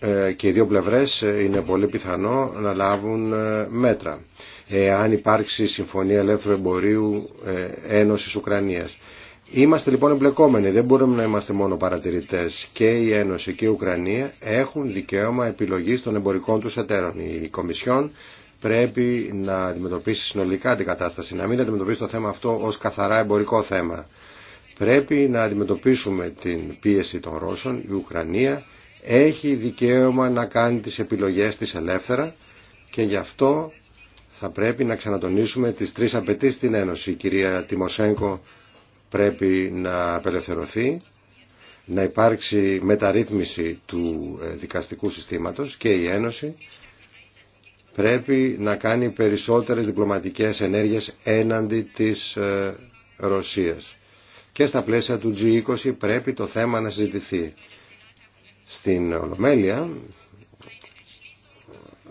ε, και οι δύο πλευρές είναι πολύ πιθανό να λάβουν μέτρα. Αν υπάρξει συμφωνία ελεύθερου εμπορίου Ένωσης Ουκρανίας. Είμαστε λοιπόν εμπλεκόμενοι, δεν μπορούμε να είμαστε μόνο παρατηρητές. Και η Ένωση και η Ουκρανία έχουν δικαίωμα επιλογής των εμπορικών τους εταίρων. Η Κομισιόν πρέπει να αντιμετωπίσει συνολικά την κατάσταση, να μην αντιμετωπίσει το θέμα αυτό ως καθαρά εμπορικό θέμα. Πρέπει να αντιμετωπίσουμε την πίεση των Ρώσων, η Ουκρανία έχει δικαίωμα να κάνει τις επιλογές της ελεύθερα και γι' αυτό θα πρέπει να ξανατονίσουμε τις τρεις απαιτήσεις στην Ένωση. Η κυρία Τιμοσέγκο πρέπει να απελευθερωθεί, να υπάρξει μεταρρύθμιση του ε, δικαστικού συστήματος και η Ένωση πρέπει να κάνει περισσότερες διπλωματικές ενέργειες έναντι της ε, Ρωσίας. Και στα πλαίσια του G20 πρέπει το θέμα να συζητηθεί. Στην Ολομέλεια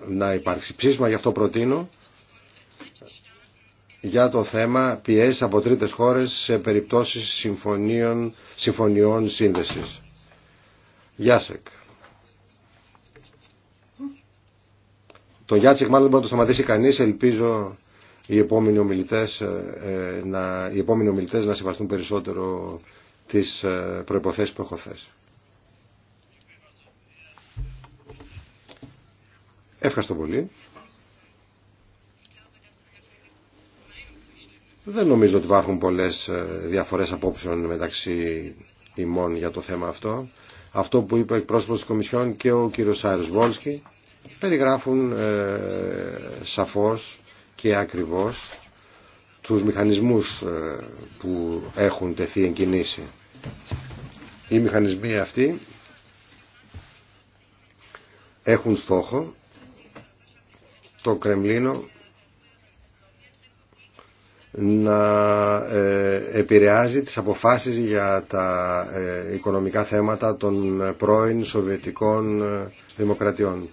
να υπάρξει ψήσμα, γι' αυτό προτείνω, για το θέμα πιέσει από τρίτες χώρες σε περιπτώσεις συμφωνίων, συμφωνιών Γεια σας. Το Γιάτσικ μάλλον δεν μπορεί να το σταματήσει κανείς. Ελπίζω οι επόμενοι ομιλητές, ε, ε, να, οι επόμενοι ομιλητές να σεβαστούν περισσότερο τις ε, προϋποθέσεις που έχω θέσει. Ευχαριστώ πολύ. Δεν νομίζω ότι υπάρχουν πολλές ε, διαφορές απόψεων μεταξύ ημών για το θέμα αυτό. Αυτό που είπε ο εκπρόσωπος της Κομισιόν και ο κύριο Βόλσκι περιγράφουν ε, σαφώς και ακριβώς τους μηχανισμούς ε, που έχουν τεθεί εν Οι μηχανισμοί αυτοί έχουν στόχο το Κρεμλίνο να ε, επηρεάζει τις αποφάσεις για τα οικονομικά θέματα των πρώην Σοβιετικών Δημοκρατιών.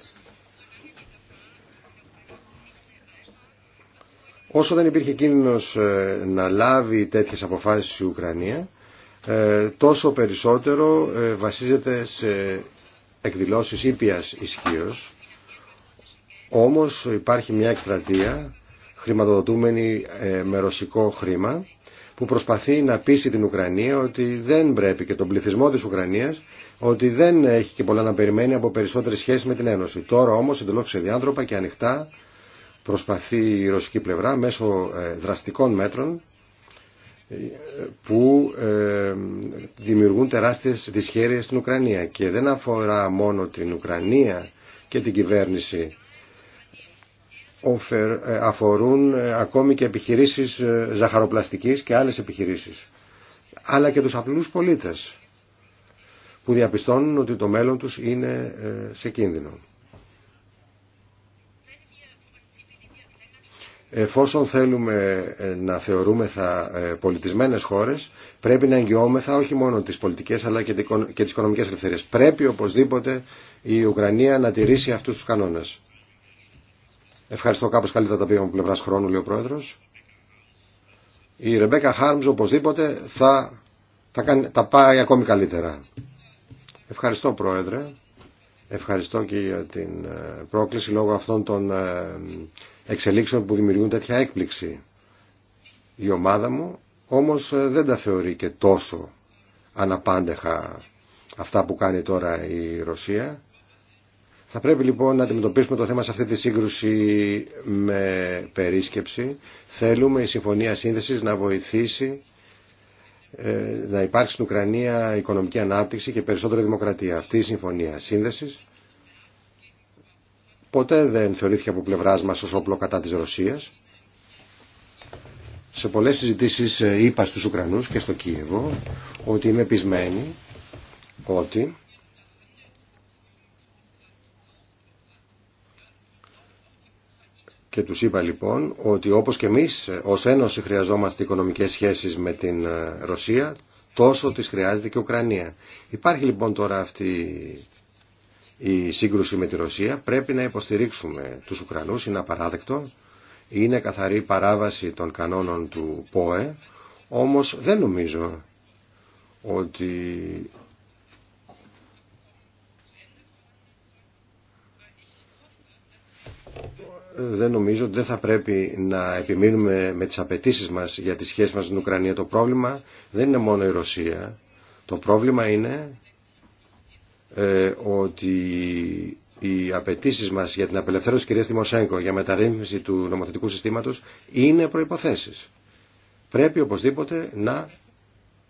Όσο δεν υπήρχε κίνδυνος ε, να λάβει τέτοιες αποφάσεις η Ουκρανία, ε, τόσο περισσότερο ε, βασίζεται σε εκδηλώσεις ήπιας ισχύω. Όμως υπάρχει μια εκστρατεία χρηματοδοτούμενη με ρωσικό χρήμα που προσπαθεί να πείσει την Ουκρανία ότι δεν πρέπει και τον πληθυσμό της Ουκρανίας ότι δεν έχει και πολλά να περιμένει από περισσότερες σχέσεις με την Ένωση. Τώρα όμως εντελώς ξεδιάνθρωπα και ανοιχτά προσπαθεί η ρωσική πλευρά μέσω ε, δραστικών μέτρων ε, που ε, δημιουργούν τεράστιες δυσχέρειες στην Ουκρανία και δεν αφορά μόνο την Ουκρανία και την κυβέρνηση αφορούν ακόμη και επιχειρήσεις ζαχαροπλαστικής και άλλες επιχειρήσεις αλλά και τους απλούς πολίτες που διαπιστώνουν ότι το μέλλον τους είναι σε κίνδυνο. εφόσον θέλουμε ε, να θεωρούμεθα ε, πολιτισμένες χώρες, πρέπει να εγγυόμεθα όχι μόνο τις πολιτικές αλλά και τις οικονομικές ελευθερίες. Πρέπει οπωσδήποτε η Ουκρανία να τηρήσει αυτούς τους κανόνες. Ευχαριστώ κάπως καλύτερα τα πήγαμε από πλευράς χρόνου, λέει ο Πρόεδρος. Η Ρεμπέκα Χάρμς οπωσδήποτε θα θα κάνει, τα πάει ακόμη καλύτερα. Ευχαριστώ Πρόεδρε. Ευχαριστώ και για την ε, πρόκληση λόγω αυτών των εξελίξεων που δημιουργούν τέτοια έκπληξη. Η ομάδα μου όμως ε, δεν τα θεωρεί και τόσο αναπάντεχα αυτά που κάνει τώρα η Ρωσία. Θα πρέπει λοιπόν να αντιμετωπίσουμε το θέμα σε αυτή τη σύγκρουση με περίσκεψη. Θέλουμε η Συμφωνία Σύνδεσης να βοηθήσει ε, να υπάρξει στην Ουκρανία οικονομική ανάπτυξη και περισσότερη δημοκρατία. Αυτή η Συμφωνία Σύνδεσης ποτέ δεν θεωρήθηκε από πλευρά μα ω όπλο κατά τη Ρωσία. Σε πολλέ συζητήσει ε, είπα στου Ουκρανού και στο Κίεβο ότι είμαι πεισμένη ότι Και τους είπα λοιπόν ότι όπως και εμείς ε, ως Ένωση χρειαζόμαστε οικονομικές σχέσεις με την ε, Ρωσία, τόσο τις χρειάζεται και η Ουκρανία. Υπάρχει λοιπόν τώρα αυτή η σύγκρουση με τη Ρωσία πρέπει να υποστηρίξουμε τους Ουκρανούς, είναι απαράδεκτο, είναι καθαρή παράβαση των κανόνων του ΠΟΕ, όμως δεν νομίζω ότι δεν νομίζω ότι δεν θα πρέπει να επιμείνουμε με τις απαιτήσει μας για τις σχέσεις μας με την Ουκρανία. Το πρόβλημα δεν είναι μόνο η Ρωσία. Το πρόβλημα είναι ε, ότι οι απαιτήσει μα για την απελευθέρωση τη κυρία Τιμοσέγκο για μεταρρύθμιση του νομοθετικού συστήματο είναι προποθέσει. Πρέπει οπωσδήποτε να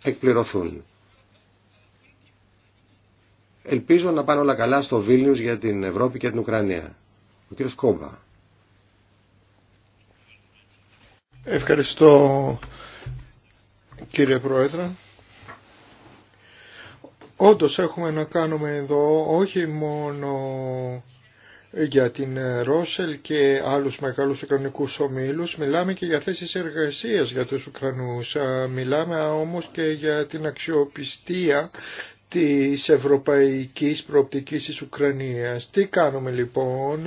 εκπληρωθούν. Ελπίζω να πάνε όλα καλά στο Βίλνιους για την Ευρώπη και την Ουκρανία. Ο κύριος Κόμπα. Ευχαριστώ κύριε Πρόεδρε. Όντως έχουμε να κάνουμε εδώ όχι μόνο για την Ρόσελ και άλλους μεγάλους Ουκρανικούς ομίλους. Μιλάμε και για θέσεις εργασίας για τους Ουκρανούς. Μιλάμε όμως και για την αξιοπιστία της ευρωπαϊκής προοπτικής της Ουκρανίας. Τι κάνουμε λοιπόν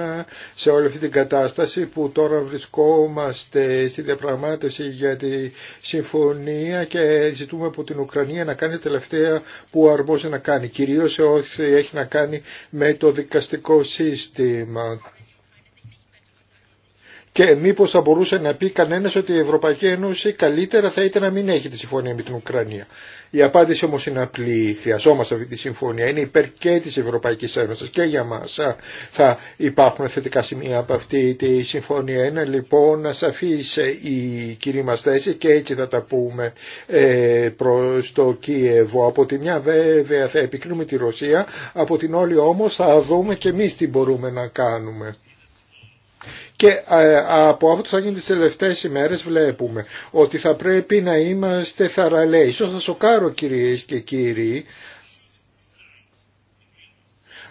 σε όλη αυτή την κατάσταση που τώρα βρισκόμαστε στη διαπραγμάτευση για τη συμφωνία και ζητούμε από την Ουκρανία να κάνει τελευταία που αρμόζει να κάνει, κυρίως σε ό,τι έχει να κάνει με το δικαστικό σύστημα και μήπω θα μπορούσε να πει κανένα ότι η Ευρωπαϊκή Ένωση καλύτερα θα ήταν να μην έχει τη συμφωνία με την Ουκρανία. Η απάντηση όμω είναι απλή. Χρειαζόμαστε αυτή τη συμφωνία. Είναι υπέρ και τη Ευρωπαϊκή Ένωση και για μα θα υπάρχουν θετικά σημεία από αυτή τη συμφωνία. Είναι λοιπόν σαφή η κυρία μα θέση και έτσι θα τα πούμε ε, προς το Κίεβο. Από τη μια βέβαια θα επικρίνουμε τη Ρωσία, από την όλη όμω θα δούμε και εμεί τι μπορούμε να κάνουμε. Και ε, από αυτό που θα γίνει τις τελευταίες ημέρες βλέπουμε ότι θα πρέπει να είμαστε θαραλέοι. Ίσως θα σοκάρω κυρίες και κύριοι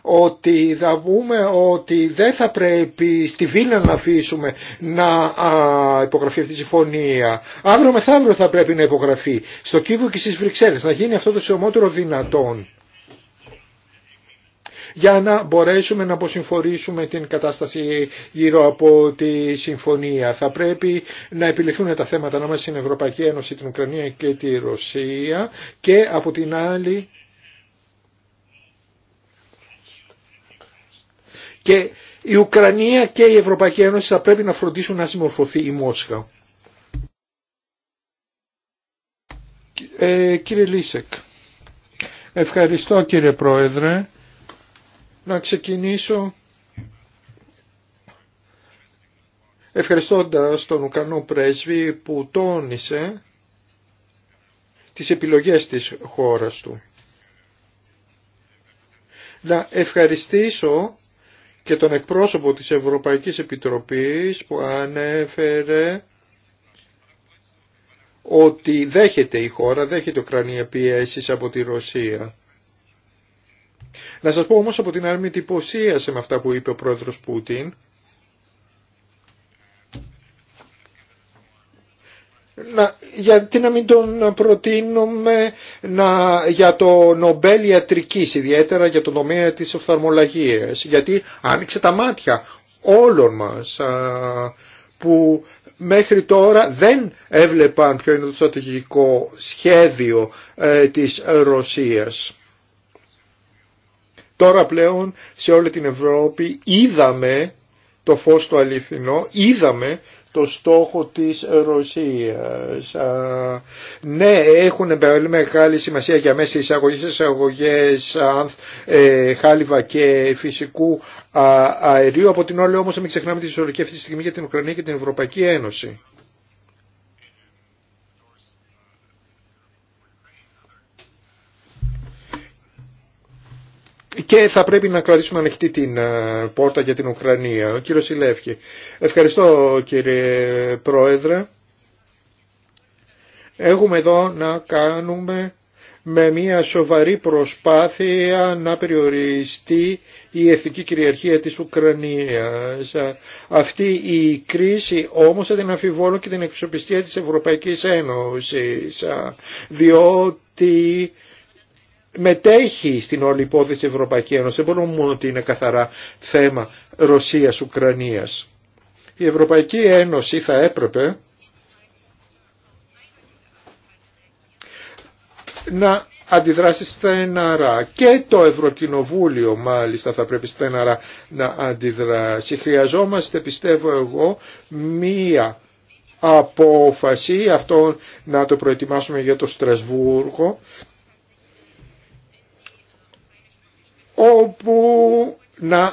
ότι θα πούμε ότι δεν θα πρέπει στη Βίλνα να αφήσουμε να υπογραφεί αυτή η συμφωνία. Αύριο μεθαύριο θα πρέπει να υπογραφεί στο Κύβο και στις Βρυξέλλες, να γίνει αυτό το σωμότερο δυνατόν για να μπορέσουμε να αποσυμφορήσουμε την κατάσταση γύρω από τη συμφωνία. Θα πρέπει να επιληθούν τα θέματα ανάμεσα στην Ευρωπαϊκή Ένωση, την Ουκρανία και τη Ρωσία και από την άλλη και η Ουκρανία και η Ευρωπαϊκή Ένωση θα πρέπει να φροντίσουν να συμμορφωθεί η Μόσχα. Ε, κύριε Λίσεκ, ευχαριστώ κύριε Πρόεδρε να ξεκινήσω ευχαριστώντας τον Ουκρανό πρέσβη που τόνισε τις επιλογές της χώρας του. Να ευχαριστήσω και τον εκπρόσωπο της Ευρωπαϊκής Επιτροπής που ανέφερε ότι δέχεται η χώρα, δέχεται Ουκρανία πιέσης από τη Ρωσία. Να σας πω όμως από την άλλη με με αυτά που είπε ο πρόεδρος Πούτιν. Να, γιατί να μην τον προτείνουμε να, για το Νομπέλ ιατρικής, ιδιαίτερα για το τομέα της οφθαλμολογίας. Γιατί άνοιξε τα μάτια όλων μας που μέχρι τώρα δεν έβλεπαν ποιο είναι το στρατηγικό σχέδιο ε, της Ρωσίας. Τώρα πλέον σε όλη την Ευρώπη είδαμε το φως το αληθινό, είδαμε το στόχο της Ρωσίας. ναι, έχουν πολύ μεγάλη σημασία για μέσα εισαγωγές, εισαγωγές ε, χάλιβα και φυσικού αερίου. Από την όλη όμως μην ξεχνάμε τη ζωρική αυτή τη στιγμή για την Ουκρανία και την Ευρωπαϊκή Ένωση. και θα πρέπει να κρατήσουμε ανοιχτή την ε, πόρτα για την Ουκρανία. Ο κύριος Σιλεύκη. Ευχαριστώ κύριε Πρόεδρε. Έχουμε εδώ να κάνουμε με μια σοβαρή προσπάθεια να περιοριστεί η εθνική κυριαρχία της Ουκρανίας. Αυτή η κρίση όμως δεν αφιβόλω και την εξοπιστία της Ευρωπαϊκής Ένωσης, διότι μετέχει στην όλη υπόθεση Ευρωπαϊκή Ένωση. Δεν μπορούμε μόνο ότι είναι καθαρά θέμα Ρωσίας-Ουκρανίας. Η Ευρωπαϊκή Ένωση θα έπρεπε να αντιδράσει στεναρά. Και το Ευρωκοινοβούλιο μάλιστα θα πρέπει στεναρά να αντιδράσει. Χρειαζόμαστε πιστεύω εγώ μία απόφαση αυτό να το προετοιμάσουμε για το Στρασβούργο όπου να,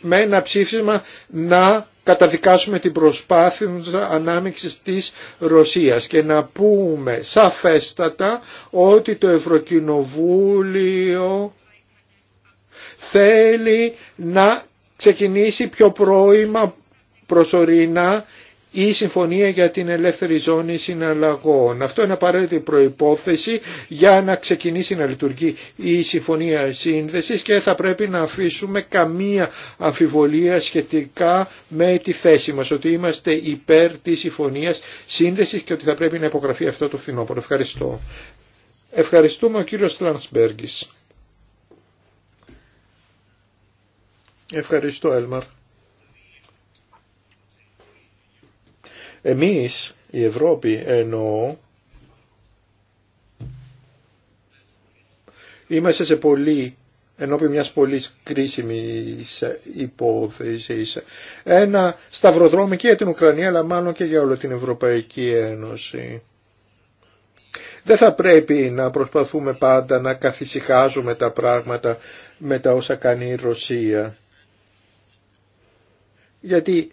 με ένα ψήφισμα να καταδικάσουμε την προσπάθεια ανάμειξης της Ρωσίας και να πούμε σαφέστατα ότι το Ευρωκοινοβούλιο θέλει να ξεκινήσει πιο πρώιμα προσωρινά ή συμφωνία για την ελεύθερη ζώνη συναλλαγών. Αυτό είναι απαραίτητη προϋπόθεση για να ξεκινήσει να λειτουργεί η συμφωνία σύνδεσης και θα πρέπει να αφήσουμε καμία αμφιβολία σχετικά με τη θέση μας ότι είμαστε υπέρ της συμφωνίας σύνδεσης και ότι θα πρέπει να υπογραφεί αυτό το φθινόπωρο. Ευχαριστώ. Ευχαριστούμε ο κύριος Τρανσμπέργκης. Ευχαριστώ Έλμαρ. Εμείς, η Ευρώπη εννοώ, είμαστε σε πολύ ενώπιν μιας πολύ κρίσιμης υπόθεσης. Ένα σταυροδρόμι και για την Ουκρανία, αλλά μάλλον και για όλη την Ευρωπαϊκή Ένωση. Δεν θα πρέπει να προσπαθούμε πάντα να καθησυχάζουμε τα πράγματα με τα όσα κάνει η Ρωσία. Γιατί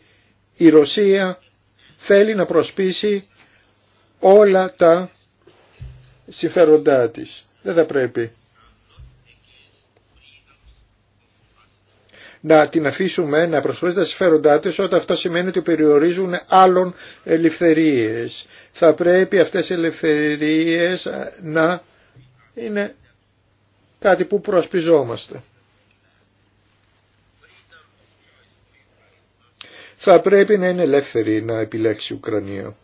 η Ρωσία θέλει να προσπίσει όλα τα συμφέροντά της. Δεν θα πρέπει να την αφήσουμε να προσπίσει τα συμφέροντά της όταν αυτό σημαίνει ότι περιορίζουν άλλων ελευθερίες. Θα πρέπει αυτές οι ελευθερίες να είναι κάτι που προσπιζόμαστε. θα πρέπει να είναι ελεύθερη να επιλέξει Ουκρανία.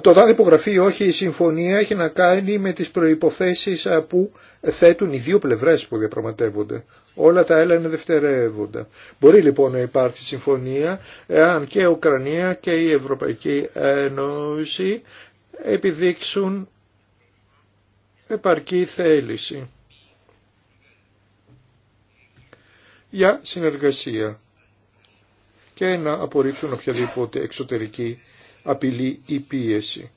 το τάδε υπογραφή ή όχι συμφωνία έχει να κάνει με τις προϋποθέσεις που θέτουν οι δύο πλευρές που διαπραγματεύονται. Όλα τα άλλα είναι δευτερεύοντα. Μπορεί λοιπόν να υπάρχει συμφωνία εάν και η Ουκρανία και η Ευρωπαϊκή Ένωση επιδείξουν επαρκή θέληση για συνεργασία και να απορρίψουν οποιαδήποτε εξωτερική απειλεί η πίεση.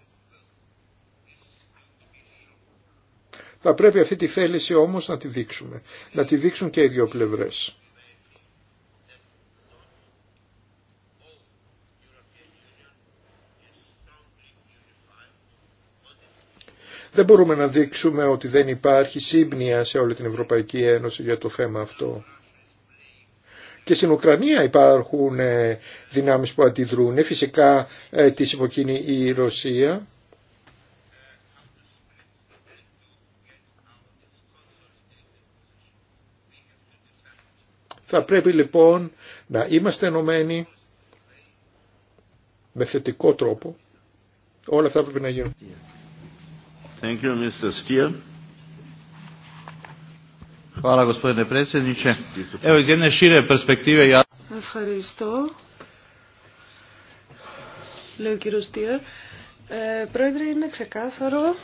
Θα πρέπει αυτή τη θέληση όμως να τη δείξουμε. Να τη δείξουν και οι δύο πλευρές. Δεν μπορούμε να δείξουμε ότι δεν υπάρχει σύμπνοια σε όλη την Ευρωπαϊκή Ένωση για το θέμα αυτό. Και στην Ουκρανία υπάρχουν ε, δυνάμεις που αντιδρούν. Φυσικά ε, της υποκίνει η Ρωσία. Θα πρέπει λοιπόν να είμαστε ενωμένοι με θετικό τρόπο. Όλα θα πρέπει να γίνουν. Ευχαριστώ. Λέω κύριο κύριος Ε, πρόεδρε, είναι ξεκάθαρο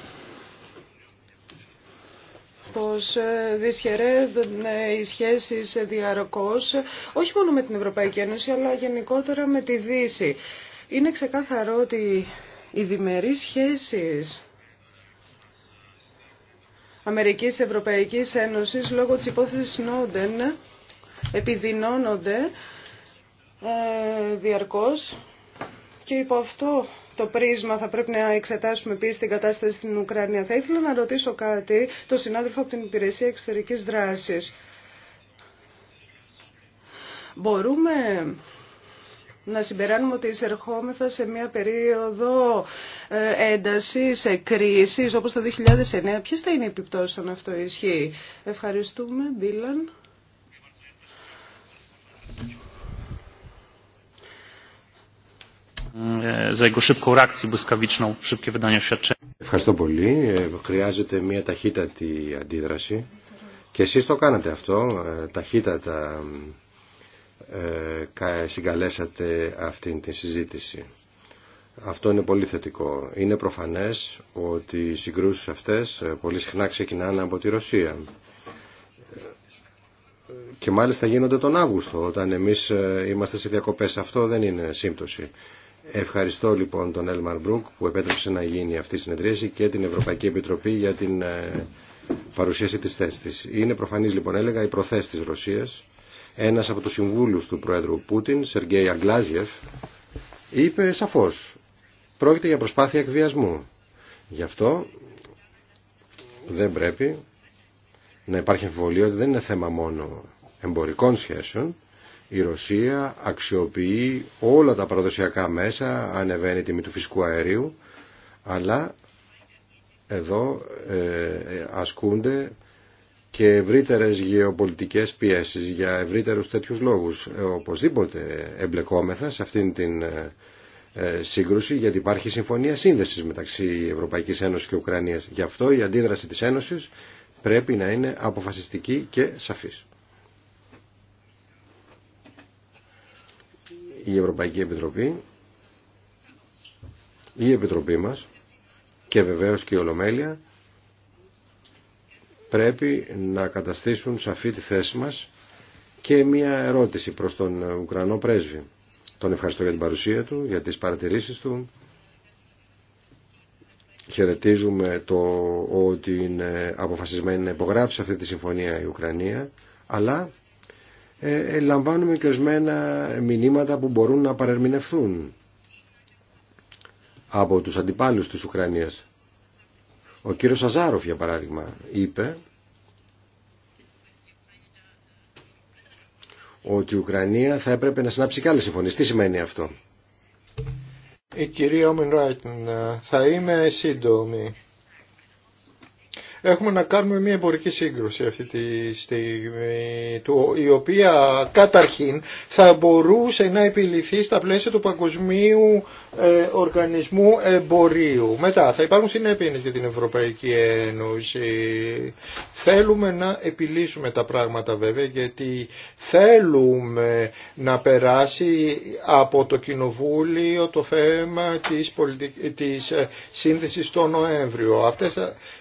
πως ε, δυσχερέδουν οι σχέσεις διαρκώς, όχι μόνο με την Ευρωπαϊκή Ένωση, αλλά γενικότερα με τη Δύση. Είναι ξεκάθαρο ότι οι διμερείς σχέσεις Αμερικής Ευρωπαϊκής Ένωσης λόγω της υπόθεσης Νόντεν επιδεινώνονται ε, διαρκώς και υπό αυτό το πρίσμα θα πρέπει να εξετάσουμε επίση την κατάσταση στην Ουκρανία. Θα ήθελα να ρωτήσω κάτι το συνάδελφο από την Υπηρεσία Εξωτερικής Δράσης. Μπορούμε να συμπεράνουμε ότι εισερχόμεθα σε μια περίοδο ε, έντασης, ε, κρίσης, όπως το 2009. Ποιες θα είναι οι επιπτώσεις αν αυτό ισχύει. Ευχαριστούμε, Μπίλαν. Ε, Ευχαριστώ πολύ. Χρειάζεται μια ταχύτατη αντίδραση. Και εσείς το κάνατε αυτό, ταχύτατα ε, συγκαλέσατε αυτήν την συζήτηση. Αυτό είναι πολύ θετικό. Είναι προφανές ότι οι συγκρούσεις αυτές ε, πολύ συχνά ξεκινάνε από τη Ρωσία. Ε, και μάλιστα γίνονται τον Αύγουστο, όταν εμείς είμαστε σε διακοπές. Αυτό δεν είναι σύμπτωση. Ευχαριστώ λοιπόν τον Έλμαρ Μπρουκ που επέτρεψε να γίνει αυτή η συνεδρίαση και την Ευρωπαϊκή Επιτροπή για την παρουσίαση της θέσης της. Είναι προφανής λοιπόν έλεγα η προθέση της Ρωσίας ένας από τους συμβούλους του Πρόεδρου Πούτιν, Σεργέη Αγκλάζιεφ, είπε σαφώς πρόκειται για προσπάθεια εκβιασμού. Γι' αυτό δεν πρέπει να υπάρχει εμφιβολία ότι δεν είναι θέμα μόνο εμπορικών σχέσεων. Η Ρωσία αξιοποιεί όλα τα παραδοσιακά μέσα, ανεβαίνει τιμή του φυσικού αερίου, αλλά εδώ ε, ε, ασκούνται και ευρύτερε γεωπολιτικές πιέσεις για ευρύτερους τέτοιους λόγους. Ε, οπωσδήποτε εμπλεκόμεθα σε αυτήν την ε, ε, σύγκρουση γιατί υπάρχει συμφωνία σύνδεσης μεταξύ Ευρωπαϊκής Ένωσης και Ουκρανίας. Γι' αυτό η αντίδραση της Ένωσης πρέπει να είναι αποφασιστική και σαφής. Η Ευρωπαϊκή Επιτροπή, η Επιτροπή μας και βεβαίως και η Ολομέλεια πρέπει να καταστήσουν σαφή τη θέση μας και μια ερώτηση προς τον Ουκρανό πρέσβη. Τον ευχαριστώ για την παρουσία του, για τις παρατηρήσεις του. Χαιρετίζουμε το ότι είναι αποφασισμένη να υπογράψει αυτή τη συμφωνία η Ουκρανία, αλλά ε, ε λαμβάνουμε και ορισμένα μηνύματα που μπορούν να παρερμηνευθούν από τους αντιπάλους της Ουκρανίας. Ο κύριος Αζάροφ, για παράδειγμα, είπε ότι η Ουκρανία θα έπρεπε να συνάψει και άλλες συμφωνίες. Τι σημαίνει αυτό. Η κυρία Όμιν θα είμαι σύντομη έχουμε να κάνουμε μια εμπορική σύγκρουση αυτή τη στιγμή, η οποία καταρχήν θα μπορούσε να επιληθεί στα πλαίσια του Παγκοσμίου ε, Οργανισμού Εμπορίου. Μετά θα υπάρχουν συνέπειες για την Ευρωπαϊκή Ένωση. Θέλουμε να επιλύσουμε τα πράγματα βέβαια γιατί θέλουμε να περάσει από το Κοινοβούλιο το θέμα της, πολιτικ... της ε, Νοέμβριο. Αυτές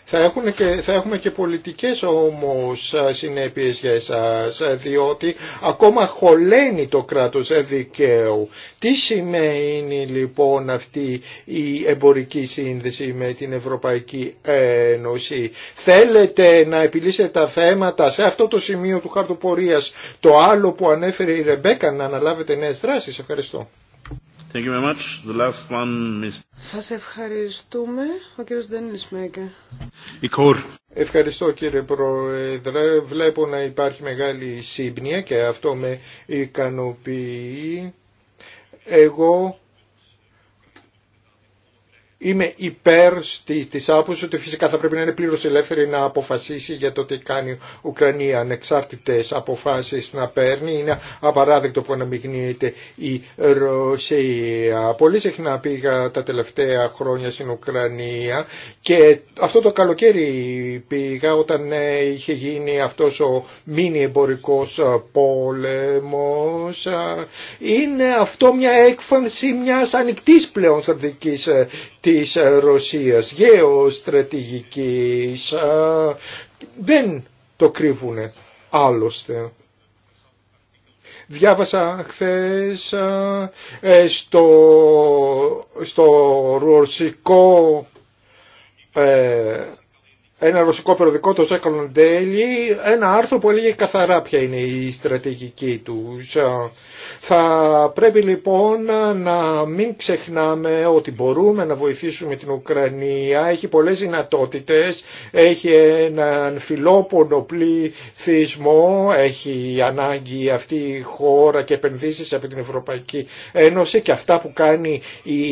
θα, έχουν και, θα έχουμε και πολιτικές όμως συνέπειες για εσάς, ε, διότι ακόμα χωλαίνει το κράτος ε, δικαίου. Τι σημαίνει λοιπόν αυτή η εμπορική σύνδεση με την Ευρωπαϊκή Ένωση. Θέλετε να επιλύσετε τα θέματα σε αυτό το σημείο του χαρτοπορίας, το άλλο που ανέφερε η Ρεμπέκα να αναλάβετε νέες δράσεις. Ευχαριστώ. Thank you very much. The last one, Σας ευχαριστούμε. Ο κύριος Ντένις Μέκε. Ευχαριστώ κύριε Πρόεδρε. Βλέπω να υπάρχει μεγάλη σύμπνια και αυτό με ικανοποιεί. Εγώ είμαι υπέρ τη άποψη ότι φυσικά θα πρέπει να είναι πλήρως ελεύθερη να αποφασίσει για το τι κάνει η Ουκρανία ανεξάρτητε αποφάσει να παίρνει. Είναι απαράδεκτο που αναμειγνύεται η Ρωσία. Πολύ συχνά πήγα τα τελευταία χρόνια στην Ουκρανία και αυτό το καλοκαίρι πήγα όταν ε, είχε γίνει αυτός ο μίνι εμπορικό ε, πόλεμο. Ε, είναι αυτό μια έκφανση μια ανοιχτή πλέον στρατηγικής της Ρωσίας, γεωστρατηγικής, δεν το κρύβουνε άλλωστε. Διάβασα χθε ε, στο, στο ρωσικό ε, ένα ρωσικό περιοδικό, το Second Daily, ένα άρθρο που έλεγε καθαρά ποια είναι η στρατηγική του. Θα πρέπει λοιπόν να μην ξεχνάμε ότι μπορούμε να βοηθήσουμε την Ουκρανία, έχει πολλές δυνατότητες, έχει έναν φιλόπονο πληθυσμό, έχει ανάγκη αυτή η χώρα και επενδύσεις από την Ευρωπαϊκή Ένωση και αυτά που κάνει η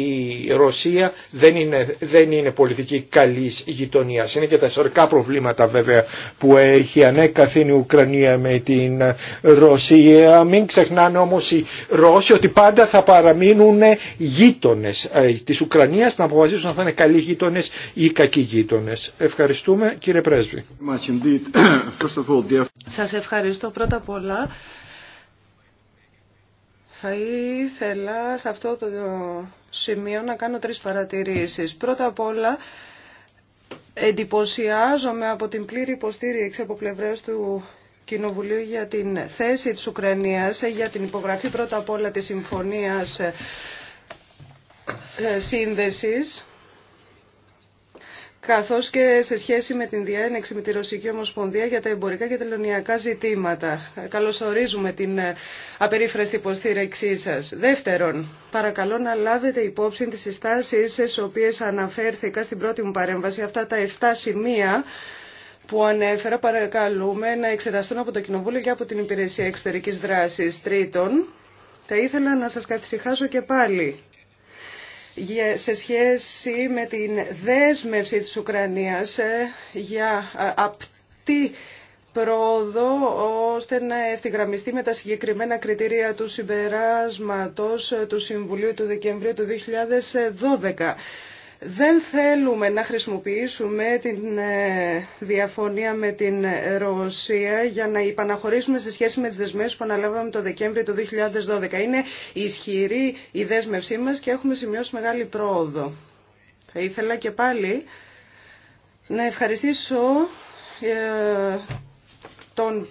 Ρωσία δεν είναι, δεν είναι πολιτική καλής γειτονίας. Είναι και τα διασωρικά προβλήματα βέβαια που έχει ανέκαθεν η Ουκρανία με την Ρωσία. Μην ξεχνάνε όμως οι Ρώσοι ότι πάντα θα παραμείνουν γείτονες ε, της Ουκρανίας να αποφασίσουν αν θα είναι καλοί γείτονες ή κακοί γείτονες. Ευχαριστούμε κύριε Πρέσβη. Σας ευχαριστώ πρώτα απ' όλα. Θα ήθελα σε αυτό το σημείο να κάνω τρεις παρατηρήσεις. Πρώτα απ' όλα εντυπωσιάζομαι από την πλήρη υποστήριξη από πλευρές του Κοινοβουλίου για την θέση της Ουκρανίας, για την υπογραφή πρώτα απ' όλα της συμφωνίας ε, ε, σύνδεσης Καθώ και σε σχέση με την διένεξη με τη Ρωσική Ομοσπονδία για τα εμπορικά και τελωνιακά ζητήματα. Καλωσορίζουμε την ε, απερίφραστη υποστήριξή σα. Δεύτερον, παρακαλώ να λάβετε υπόψη τις συστάσει στι οποίε αναφέρθηκα στην πρώτη μου παρέμβαση, αυτά τα 7 σημεία που ανέφερα παρακαλούμε να εξεταστούν από το Κοινοβούλιο και από την Υπηρεσία εξωτερική δράση. Τρίτον, θα ήθελα να σας καθησυχάσω και πάλι σε σχέση με την δέσμευση της Ουκρανίας ε, για ε, απτή πρόοδο ώστε να ευθυγραμμιστεί με τα συγκεκριμένα κριτήρια του συμπεράσματος του Συμβουλίου του Δεκεμβρίου του 2012. Δεν θέλουμε να χρησιμοποιήσουμε την ε, διαφωνία με την Ρωσία για να υπαναχωρήσουμε σε σχέση με τις δεσμεύσεις που αναλάβαμε το Δεκέμβριο του 2012. Είναι ισχυρή η δέσμευσή μας και έχουμε σημειώσει μεγάλη πρόοδο. Θα ήθελα και πάλι να ευχαριστήσω ε, τον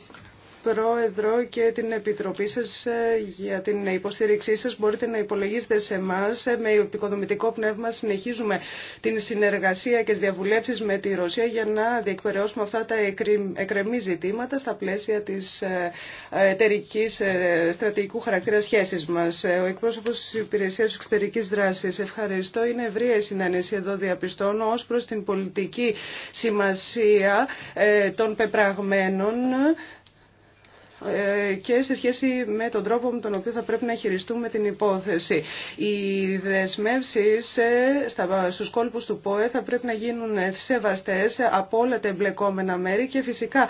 Πρόεδρο και την Επιτροπή σας ε, για την υποστήριξή σας. Μπορείτε να υπολογίσετε σε εμά. Ε, με οικοδομητικό πνεύμα συνεχίζουμε την συνεργασία και τις διαβουλεύσεις με τη Ρωσία για να διεκπαιρεώσουμε αυτά τα εκρεμή ζητήματα στα πλαίσια της ε, εταιρική στρατηγικού χαρακτήρα σχέσης μας. Ο εκπρόσωπος της Υπηρεσίας Εξωτερικής Δράσης. Ευχαριστώ. Είναι ευρία η συνάντηση εδώ διαπιστώνω ως προς την πολιτική σημασία των πεπραγμένων ε, και σε σχέση με τον τρόπο με τον οποίο θα πρέπει να χειριστούμε την υπόθεση. Οι δεσμεύσει ε, στου κόλπου του ΠΟΕ θα πρέπει να γίνουν σεβαστέ από όλα τα εμπλεκόμενα μέρη και φυσικά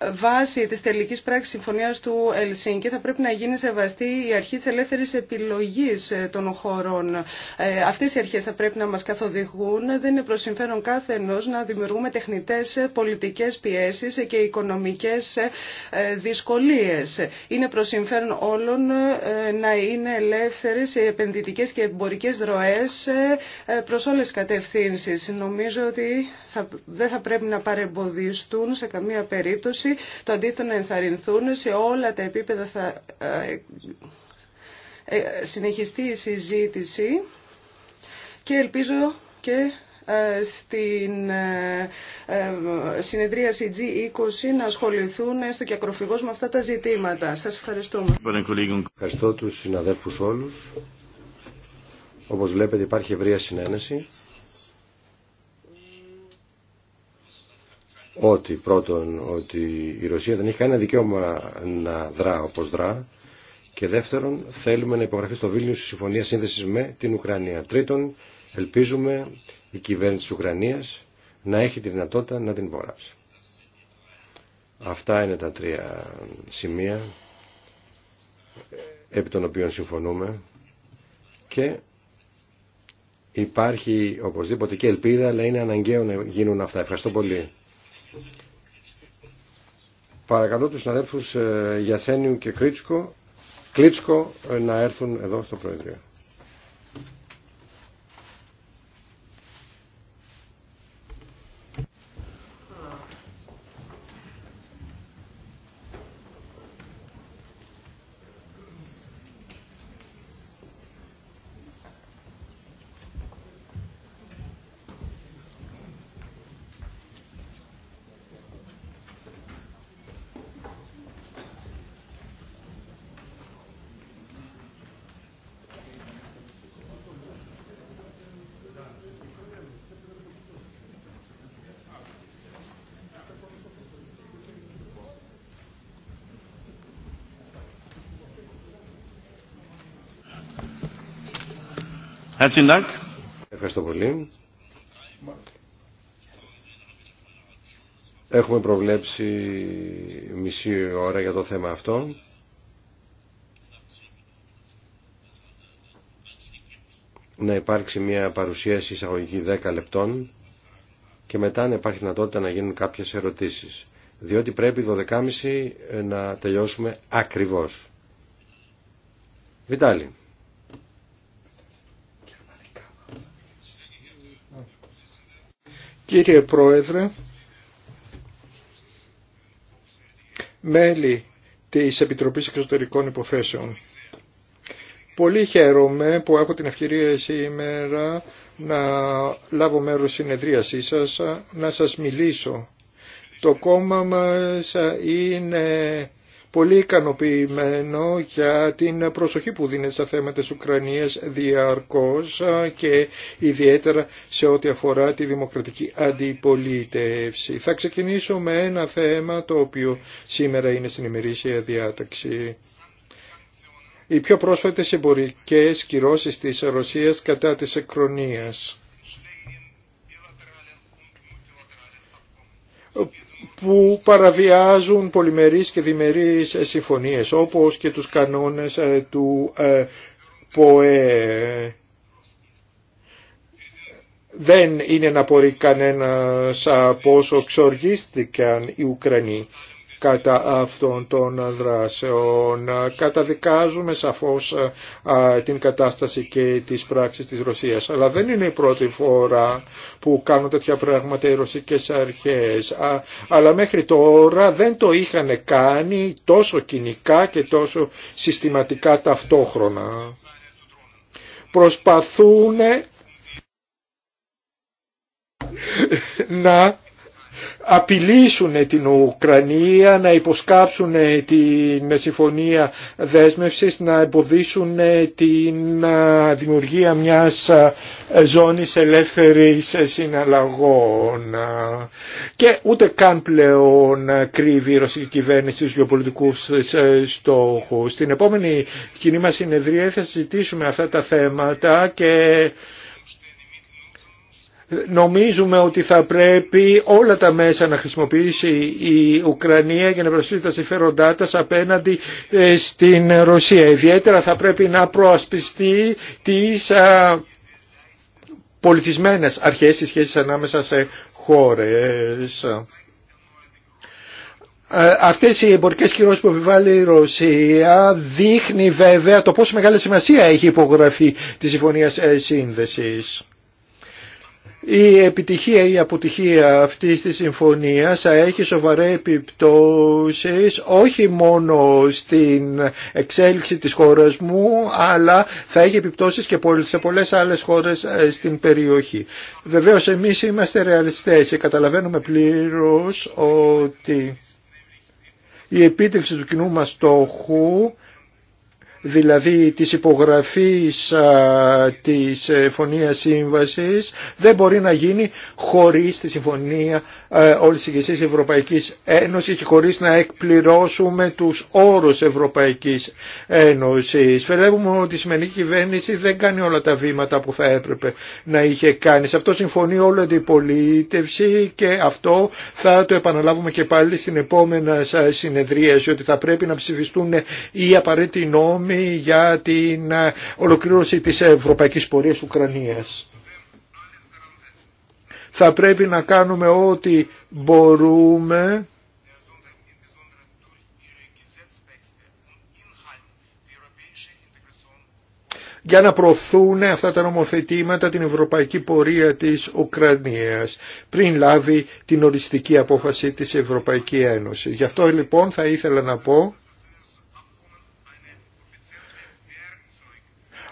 βάση της τελικής πράξης συμφωνίας του Ελσίνκη θα πρέπει να γίνει σεβαστή η αρχή της ελεύθερης επιλογής ε, των χωρών. Ε, αυτές οι αρχές θα πρέπει να μας καθοδηγούν. Δεν είναι προς κάθε ενός να δημιουργούμε τεχνητές ε, πολιτικές πιέσεις και οικονομικές δυσκολίες. Είναι προς συμφέρον όλων να είναι ελεύθερες οι επενδυτικές και εμπορικές ροές προς όλες τις κατευθύνσεις. Νομίζω ότι δεν θα πρέπει να παρεμποδιστούν σε καμία περίπτωση το αντίθετο να ενθαρρυνθούν σε όλα τα επίπεδα θα ε, ε, συνεχιστεί η συζήτηση και ελπίζω και ε, στην συνεδρίαση G20 να ασχοληθούν έστω και ακροφυγώς με αυτά τα ζητήματα. Σας ευχαριστούμε. Ευχαριστώ τους συναδέλφους όλους. Όπως βλέπετε υπάρχει ευρεία συνένεση. ότι πρώτον ότι η Ρωσία δεν έχει κανένα δικαίωμα να δρά όπως δρά και δεύτερον θέλουμε να υπογραφεί στο Βίλνιους η Συμφωνία Σύνδεσης με την Ουκρανία. Τρίτον ελπίζουμε η κυβέρνηση της Ουκρανίας να έχει τη δυνατότητα να την υπογράψει. Αυτά είναι τα τρία σημεία επί των οποίων συμφωνούμε και υπάρχει οπωσδήποτε και ελπίδα αλλά είναι αναγκαίο να γίνουν αυτά. Ευχαριστώ πολύ. Παρακαλώ τους συναδέλφους ε, Γιασένιου και Κλίτσκο ε, να έρθουν εδώ στο Προεδρείο. Ευχαριστώ πολύ. Έχουμε προβλέψει μισή ώρα για το θέμα αυτό. Να υπάρξει μια παρουσίαση εισαγωγική 10 λεπτών και μετά να υπάρχει δυνατότητα να γίνουν κάποιες ερωτήσεις. Διότι πρέπει 12.30 να τελειώσουμε ακριβώς. Βιτάλη. Κύριε Πρόεδρε, μέλη της Επιτροπής Εξωτερικών Υποθέσεων. Πολύ χαίρομαι που έχω την ευκαιρία σήμερα να λάβω μέρος συνεδρίας σας, να σας μιλήσω. Το κόμμα μας είναι πολύ ικανοποιημένο για την προσοχή που δίνει στα θέματα της Ουκρανίας διαρκώς και ιδιαίτερα σε ό,τι αφορά τη δημοκρατική αντιπολίτευση. Θα ξεκινήσω με ένα θέμα το οποίο σήμερα είναι στην ημερήσια διάταξη. Οι πιο πρόσφατες εμπορικέ κυρώσεις της Ρωσίας κατά της εκκρονίας που παραβιάζουν πολυμερείς και διμερείς συμφωνίες όπως και τους κανόνες ε, του ε, ΠΟΕ. Δεν είναι να μπορεί κανένας από όσο ξοργίστηκαν οι Ουκρανοί κατά αυτών των δράσεων. Καταδικάζουμε σαφώς ε, την κατάσταση και τις πράξεις της Ρωσίας. Αλλά δεν είναι η πρώτη φορά που κάνουν τέτοια πράγματα οι ρωσικές αρχές. Αλλά μέχρι τώρα δεν το είχαν κάνει τόσο κοινικά και τόσο συστηματικά ταυτόχρονα. Προσπαθούν να απειλήσουν την Ουκρανία, να υποσκάψουν την συμφωνία δέσμευσης, να εμποδίσουν την δημιουργία μιας ζώνης ελεύθερης συναλλαγών. Και ούτε καν πλέον κρύβει η ρωσική κυβέρνηση στους γεωπολιτικούς ε, στόχους. Στην επόμενη κοινή μας συνεδρία θα συζητήσουμε αυτά τα θέματα και Νομίζουμε ότι θα πρέπει όλα τα μέσα να χρησιμοποιήσει η Ουκρανία για να προσφύγει τα συμφέροντά της απέναντι ε, στην Ρωσία. Ιδιαίτερα θα πρέπει να προασπιστεί τις πολιτισμένες αρχές της σχέσης ανάμεσα σε χώρες. Ε, αυτές οι εμπορικές κυρώσεις που επιβάλλει η Ρωσία δείχνει βέβαια το πόσο μεγάλη σημασία έχει υπογραφή της Συμφωνίας ε, Σύνδεσης. Η επιτυχία ή η αποτυχία αυτή της συμφωνίας θα έχει σοβαρές επιπτώσεις όχι μόνο στην εξέλιξη της χώρας μου αλλά θα έχει επιπτώσεις και σε πολλές άλλες χώρες ε, στην περιοχή. Βεβαίως εμείς είμαστε ρεαλιστές και καταλαβαίνουμε πλήρως ότι η επίτευξη του κοινού μας στόχου δηλαδή της υπογραφής της ε, συμφωνίας σύμβασης δεν μπορεί να γίνει χωρίς τη συμφωνία ε, όλης της Ευρωπαϊκής Ένωσης και χωρίς να εκπληρώσουμε τους όρους Ευρωπαϊκής Ένωσης. Φελεύουμε ότι η σημερινή κυβέρνηση δεν κάνει όλα τα βήματα που θα έπρεπε να είχε κάνει. Σε αυτό συμφωνεί όλη η πολίτευση και αυτό θα το επαναλάβουμε και πάλι στην επόμενα συνεδρίαση ότι θα πρέπει να ψηφιστούν οι απαραίτητοι νόμοι για την ε, ολοκλήρωση της ευρωπαϊκής πορείας Ουκρανίας. Θα πρέπει να κάνουμε ό,τι μπορούμε για να προωθούν αυτά τα νομοθετήματα την ευρωπαϊκή πορεία της Ουκρανίας πριν λάβει την οριστική απόφαση της Ευρωπαϊκή Ένωση. Γι' αυτό λοιπόν θα ήθελα να πω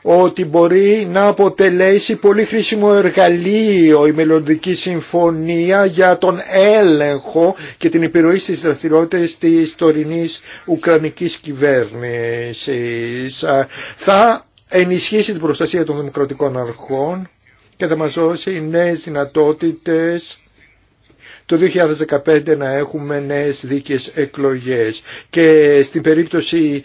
ότι μπορεί να αποτελέσει πολύ χρήσιμο εργαλείο η μελλοντική συμφωνία για τον έλεγχο και την επιρροή στις δραστηριότητες της τωρινής Ουκρανικής κυβέρνησης. Θα ενισχύσει την προστασία των δημοκρατικών αρχών και θα μας δώσει νέες δυνατότητες το 2015 να έχουμε νέες δίκες εκλογές και στην περίπτωση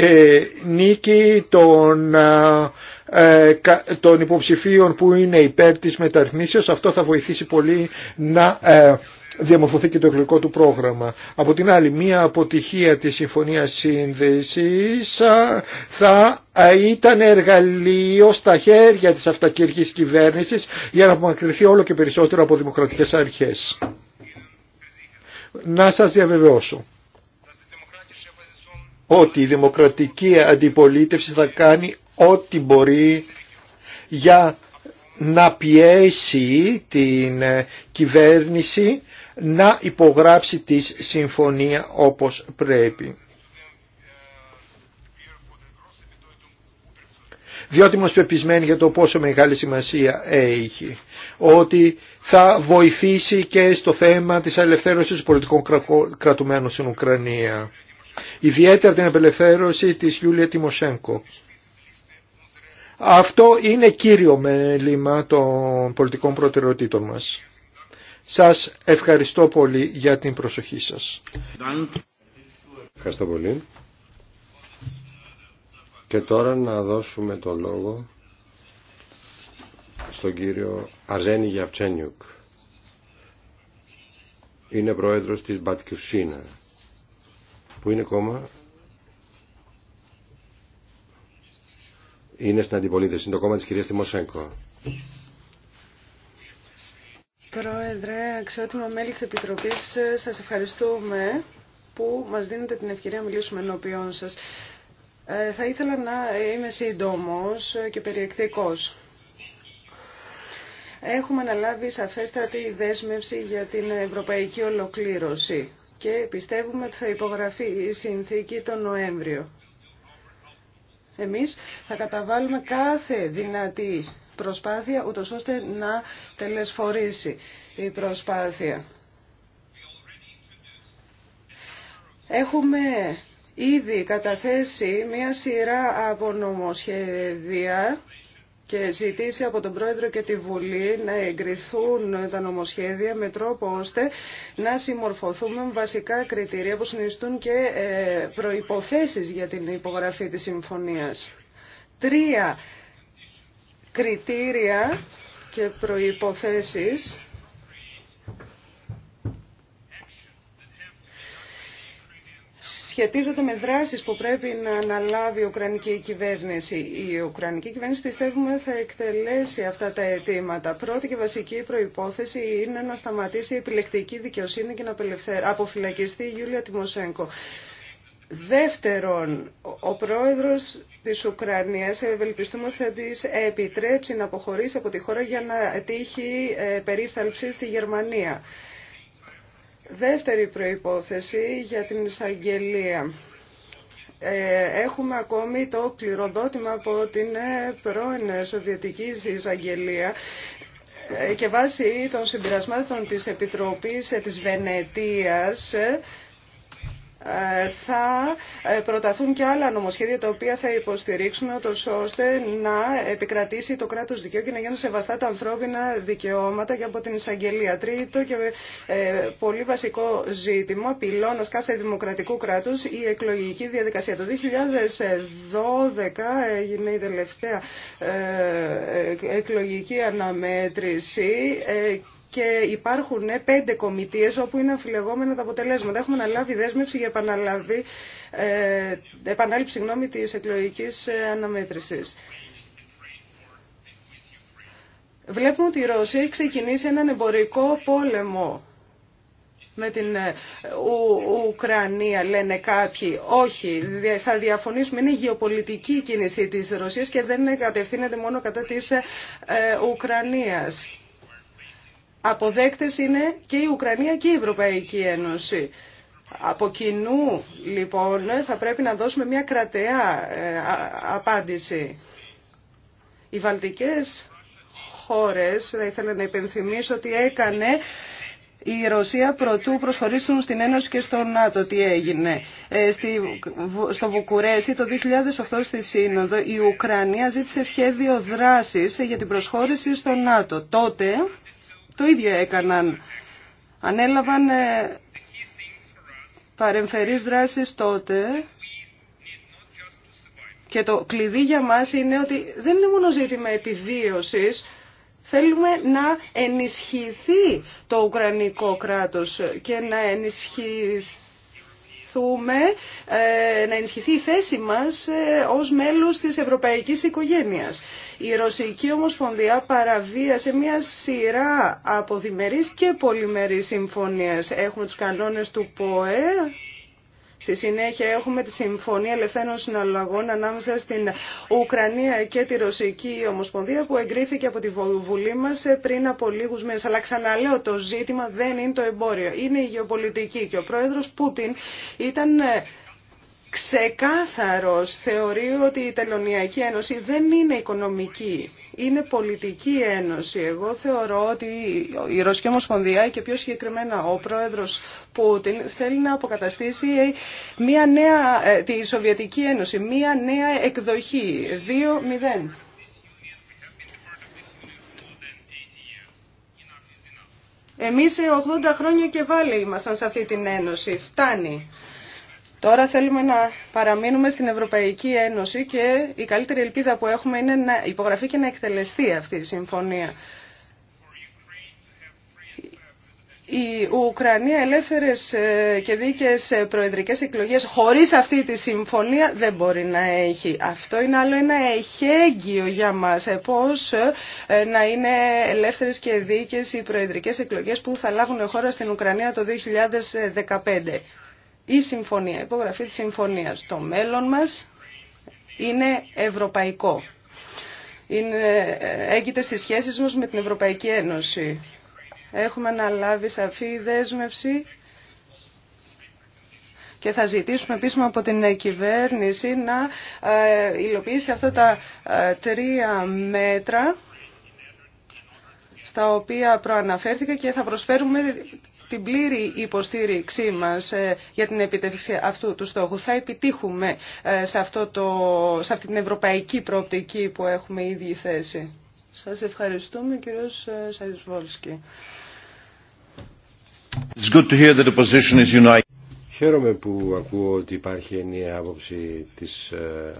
ε, νίκη των ε, ε, των υποψηφίων που είναι υπέρ της μεταρρυθμίσεως αυτό θα βοηθήσει πολύ να διαμορφωθεί και το εκλογικό του πρόγραμμα. Από την άλλη, μία αποτυχία της Συμφωνίας Σύνδεσης θα ήταν εργαλείο στα χέρια της αυτακυρικής κυβέρνησης για να απομακρυνθεί όλο και περισσότερο από δημοκρατικές αρχές. Να σας διαβεβαιώσω ότι η δημοκρατική αντιπολίτευση θα κάνει ό,τι μπορεί για να πιέσει την ε, κυβέρνηση να υπογράψει τη συμφωνία όπως πρέπει. διότι μας πεπισμένοι για το πόσο μεγάλη σημασία έχει. Ότι θα βοηθήσει και στο θέμα της ελευθέρωσης πολιτικών κρατουμένων στην Ουκρανία. Ιδιαίτερα την απελευθέρωση της Γιούλια Τιμοσέγκο. Αυτό είναι κύριο μέλημα των πολιτικών προτεραιοτήτων μας. Σας ευχαριστώ πολύ για την προσοχή σας. Ευχαριστώ πολύ. Και τώρα να δώσουμε το λόγο στον κύριο Αρζένη Γιαυτσένιουκ. Είναι πρόεδρος της Μπατκιουσίνα, που είναι κόμμα... Είναι στην αντιπολίτευση, είναι το κόμμα της κυρίας Τιμοσέγκο. Πρόεδρε, αξιότιμα μέλη της Επιτροπής, σας ευχαριστούμε που μας δίνετε την ευκαιρία να μιλήσουμε ενώπιόν σας. Ε, θα ήθελα να είμαι σύντομος και περιεκτικός. Έχουμε αναλάβει σαφέστατη δέσμευση για την ευρωπαϊκή ολοκλήρωση και πιστεύουμε ότι θα υπογραφεί η συνθήκη τον Νοέμβριο. Εμείς θα καταβάλουμε κάθε δυνατή προσπάθεια ούτως ώστε να τελεσφορήσει η προσπάθεια. Έχουμε ήδη καταθέσει μία σειρά από νομοσχέδια και ζητήσει από τον Πρόεδρο και τη Βουλή να εγκριθούν τα νομοσχέδια με τρόπο ώστε να συμμορφωθούμε βασικά κριτήρια που συνιστούν και ε, προϋποθέσεις για την υπογραφή της συμφωνίας. Τρία κριτήρια και προϋποθέσεις σχετίζονται με δράσεις που πρέπει να αναλάβει η Ουκρανική κυβέρνηση. Η Ουκρανική κυβέρνηση πιστεύουμε θα εκτελέσει αυτά τα αιτήματα. Πρώτη και βασική προϋπόθεση είναι να σταματήσει η επιλεκτική δικαιοσύνη και να αποφυλακιστεί η Γιούλια Τιμοσέγκο. Δεύτερον, ο πρόεδρος της Ουκρανίας ευελπιστούμε ότι θα της επιτρέψει να αποχωρήσει από τη χώρα για να τύχει ε, περίθαλψη στη Γερμανία. Δεύτερη προϋπόθεση για την εισαγγελία. Ε, έχουμε ακόμη το κληροδότημα από την ε, πρώην Σοβιετική εισαγγελία και βάσει των συμπειρασμάτων της Επιτροπής της Βενετίας θα ε, προταθούν και άλλα νομοσχέδια τα οποία θα υποστηρίξουμε ώστε να επικρατήσει το κράτος δικαίου και να γίνουν σεβαστά τα ανθρώπινα δικαιώματα και από την εισαγγελία. Τρίτο και ε, πολύ βασικό ζήτημα, πυλώνας κάθε δημοκρατικού κράτους, η εκλογική διαδικασία. Το 2012 έγινε η τελευταία ε, εκλογική αναμέτρηση και υπάρχουν ε, πέντε κομιτείες όπου είναι αμφιλεγόμενα τα αποτελέσματα. Έχουμε αναλάβει δέσμευση για επαναλάβει, ε, επανάληψη γνώμη της εκλογικής ε, αναμέτρησης. Βλέπουμε ότι η Ρωσία έχει ξεκινήσει έναν εμπορικό πόλεμο με την ε, Ουκρανία, λένε κάποιοι. Όχι, θα διαφωνήσουμε. Είναι η γεωπολιτική κίνηση της Ρωσίας και δεν κατευθύνεται μόνο κατά της ε, Ουκρανίας αποδέκτες είναι και η Ουκρανία και η Ευρωπαϊκή Ένωση. Από κοινού, λοιπόν, θα πρέπει να δώσουμε μια κρατεά απάντηση. Οι βαλτικές χώρες, θα ήθελα να υπενθυμίσω ότι έκανε η Ρωσία προτού προσχωρήσουν στην Ένωση και στο ΝΑΤΟ τι έγινε. Ε, στη, στο Βουκουρέστι το 2008 στη Σύνοδο η Ουκρανία ζήτησε σχέδιο δράσης για την προσχώρηση στο ΝΑΤΟ. Τότε το ίδιο έκαναν. Ανέλαβαν ε, παρεμφερείς δράσεις τότε και το κλειδί για μας είναι ότι δεν είναι μόνο ζήτημα επιβίωσης, θέλουμε να ενισχυθεί το Ουκρανικό κράτος και να ενισχυθεί ε, να ενισχυθεί η θέση μας ε, ως μέλος της ευρωπαϊκής οικογένειας. Η Ρωσική Ομοσπονδία παραβίασε μια σειρά από διμερείς και πολυμερείς συμφωνίες. Έχουμε τους κανόνες του ΠΟΕ, Στη συνέχεια έχουμε τη Συμφωνία Ελευθέρων Συναλλαγών ανάμεσα στην Ουκρανία και τη Ρωσική Ομοσπονδία που εγκρίθηκε από τη Βουλή μας πριν από λίγους μήνες. Αλλά ξαναλέω το ζήτημα δεν είναι το εμπόριο, είναι η γεωπολιτική και ο πρόεδρο Πούτιν ήταν ξεκάθαρος. Θεωρεί ότι η Τελωνιακή Ένωση δεν είναι οικονομική. Είναι πολιτική ένωση. Εγώ θεωρώ ότι η Ρωσική Ομοσπονδία και πιο συγκεκριμένα ο πρόεδρος Πούτιν θέλει να αποκαταστήσει μια νέα, ε, τη Σοβιετική Ένωση, μια νέα εκδοχή. 2-0. Εμείς 80 ε, χρόνια και βάλει ήμασταν σε αυτή την ένωση. Φτάνει. Τώρα θέλουμε να παραμείνουμε στην Ευρωπαϊκή Ένωση και η καλύτερη ελπίδα που έχουμε είναι να υπογραφεί και να εκτελεστεί αυτή η συμφωνία. Η Ουκρανία ελεύθερες ε, και δίκαιες ε, προεδρικές εκλογές χωρίς αυτή τη συμφωνία δεν μπορεί να έχει. Αυτό είναι άλλο ένα εχέγγυο για μας ε, πώς να είναι ελεύθερες και δίκαιες οι προεδρικές εκλογές που θα λάβουν χώρα στην Ουκρανία το 2015 η συμφωνία, η υπογραφή της συμφωνίας. Το μέλλον μας είναι ευρωπαϊκό. Είναι, έγκυται στις σχέσεις μας με την Ευρωπαϊκή Ένωση. Έχουμε αναλάβει σαφή δέσμευση και θα ζητήσουμε επίσημα από την κυβέρνηση να ε, υλοποιήσει αυτά τα ε, τρία μέτρα στα οποία προαναφέρθηκα και θα προσφέρουμε την πλήρη υποστήριξή μας ε, για την επιτεύξη αυτού του στόχου. Θα επιτύχουμε ε, σε, αυτό το, σε αυτή την ευρωπαϊκή προοπτική που έχουμε ήδη θέση. Σας ευχαριστούμε κύριος ε, Σαρισβόλσκι. Χαίρομαι που ακούω ότι υπάρχει ενιαία άποψη της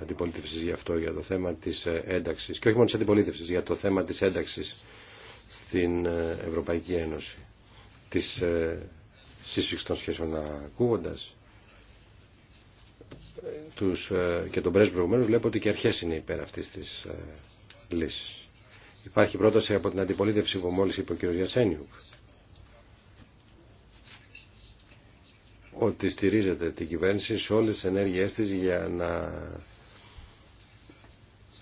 αντιπολίτευσης για αυτό, για το θέμα της ένταξης και όχι μόνο της αντιπολίτευσης, για το θέμα της ένταξης στην Ευρωπαϊκή Ένωση της ε, σύσφυξης των σχέσεων ακούγοντα ε, τους, ε, και τον πρέσβη προηγουμένως βλέπω ότι και αρχές είναι υπέρ αυτής της λύσης. Υπάρχει πρόταση από την αντιπολίτευση που μόλις είπε ο κ. Γιασένιουκ ότι στηρίζεται την κυβέρνηση σε όλες τις ενέργειές της για να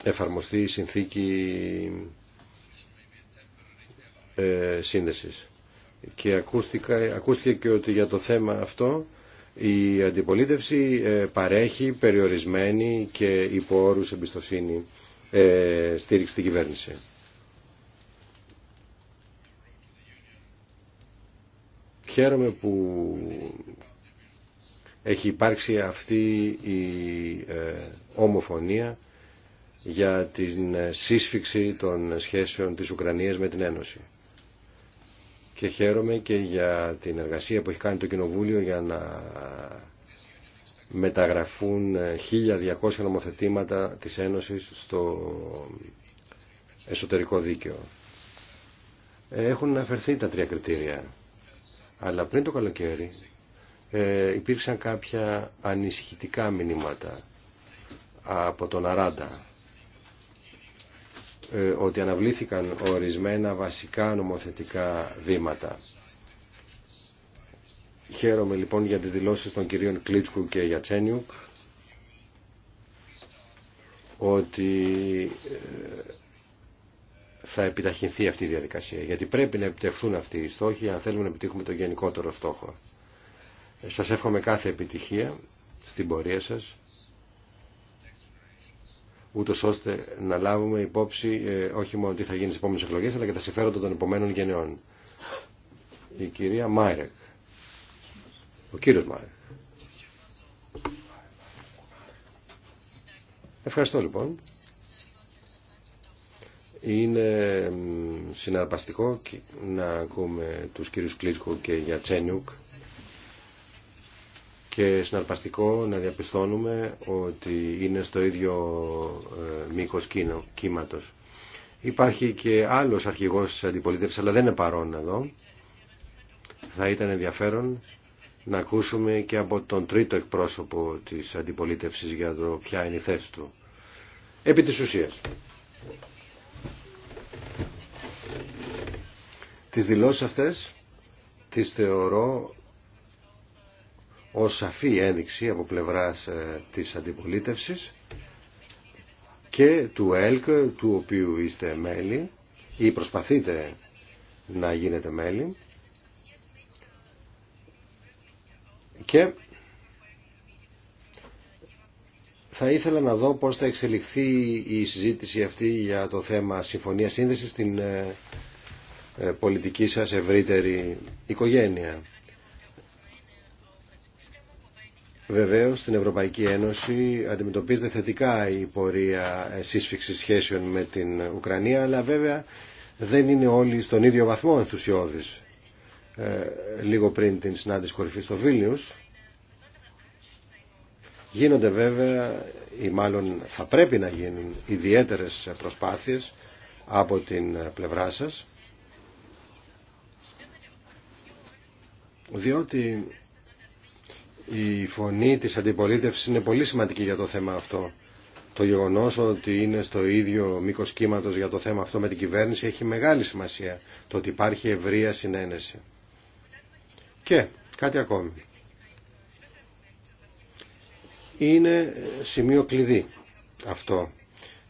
εφαρμοστεί η συνθήκη ε, σύνδεσης και ακούστηκε και ότι για το θέμα αυτό η αντιπολίτευση ε, παρέχει περιορισμένη και υπό όρους εμπιστοσύνη ε, στήριξη στην κυβέρνηση. Χαίρομαι που έχει υπάρξει αυτή η ε, ομοφωνία για την σύσφυξη των σχέσεων της Ουκρανίας με την Ένωση και χαίρομαι και για την εργασία που έχει κάνει το Κοινοβούλιο για να μεταγραφούν 1.200 νομοθετήματα της Ένωσης στο εσωτερικό δίκαιο. Έχουν αναφερθεί τα τρία κριτήρια, αλλά πριν το καλοκαίρι ε, υπήρξαν κάποια ανησυχητικά μηνύματα από τον Αράντα ε, ότι αναβλήθηκαν ορισμένα βασικά νομοθετικά βήματα. Χαίρομαι λοιπόν για τις δηλώσεις των κυρίων Κλίτσκου και Γιατσένιου ότι ε, θα επιταχυνθεί αυτή η διαδικασία. Γιατί πρέπει να επιτευχθούν αυτοί οι στόχοι αν θέλουμε να επιτύχουμε το γενικότερο στόχο. Ε, σας εύχομαι κάθε επιτυχία στην πορεία σας ούτω ώστε να λάβουμε υπόψη ε, όχι μόνο τι θα γίνει στι επόμενε εκλογέ, αλλά και τα συμφέροντα των επομένων γενεών. Η κυρία Μάιρεκ. Ο κύριο Μάιρεκ. Ευχαριστώ λοιπόν. Είναι συναρπαστικό να ακούμε τους κύριους Κλίτσκο και Γιατσένιουκ και συναρπαστικό να διαπιστώνουμε ότι είναι στο ίδιο ε, μήκο κύματο. Υπάρχει και άλλος αρχηγός της αντιπολίτευσης, αλλά δεν είναι παρόν εδώ. Θα ήταν ενδιαφέρον να ακούσουμε και από τον τρίτο εκπρόσωπο της αντιπολίτευσης για το ποια είναι η θέση του. Επί της ουσίας. Τις δηλώσεις αυτές τις θεωρώ ως σαφή ένδειξη από πλευράς ε, της αντιπολίτευσης και του ΕΛΚ, του οποίου είστε μέλη ή προσπαθείτε να γίνετε μέλη και θα ήθελα να δω πώς θα εξελιχθεί η συζήτηση αυτή για το θέμα συμφωνία σύνδεσης στην ε, ε, πολιτική σας ευρύτερη οικογένεια. Βεβαίω στην Ευρωπαϊκή Ένωση αντιμετωπίζεται θετικά η πορεία ε, σύσφυξη σχέσεων με την Ουκρανία αλλά βέβαια δεν είναι όλοι στον ίδιο βαθμό Ε, λίγο πριν την συνάντηση κορυφή στο Βίλνιου, γίνονται βέβαια ή μάλλον θα πρέπει να γίνουν ιδιαίτερες προσπάθειες από την πλευρά σας διότι η φωνή της αντιπολίτευσης είναι πολύ σημαντική για το θέμα αυτό. Το γεγονός ότι είναι στο ίδιο μήκος κύματος για το θέμα αυτό με την κυβέρνηση έχει μεγάλη σημασία. Το ότι υπάρχει ευρεία συνένεση. Και κάτι ακόμη. Είναι σημείο κλειδί αυτό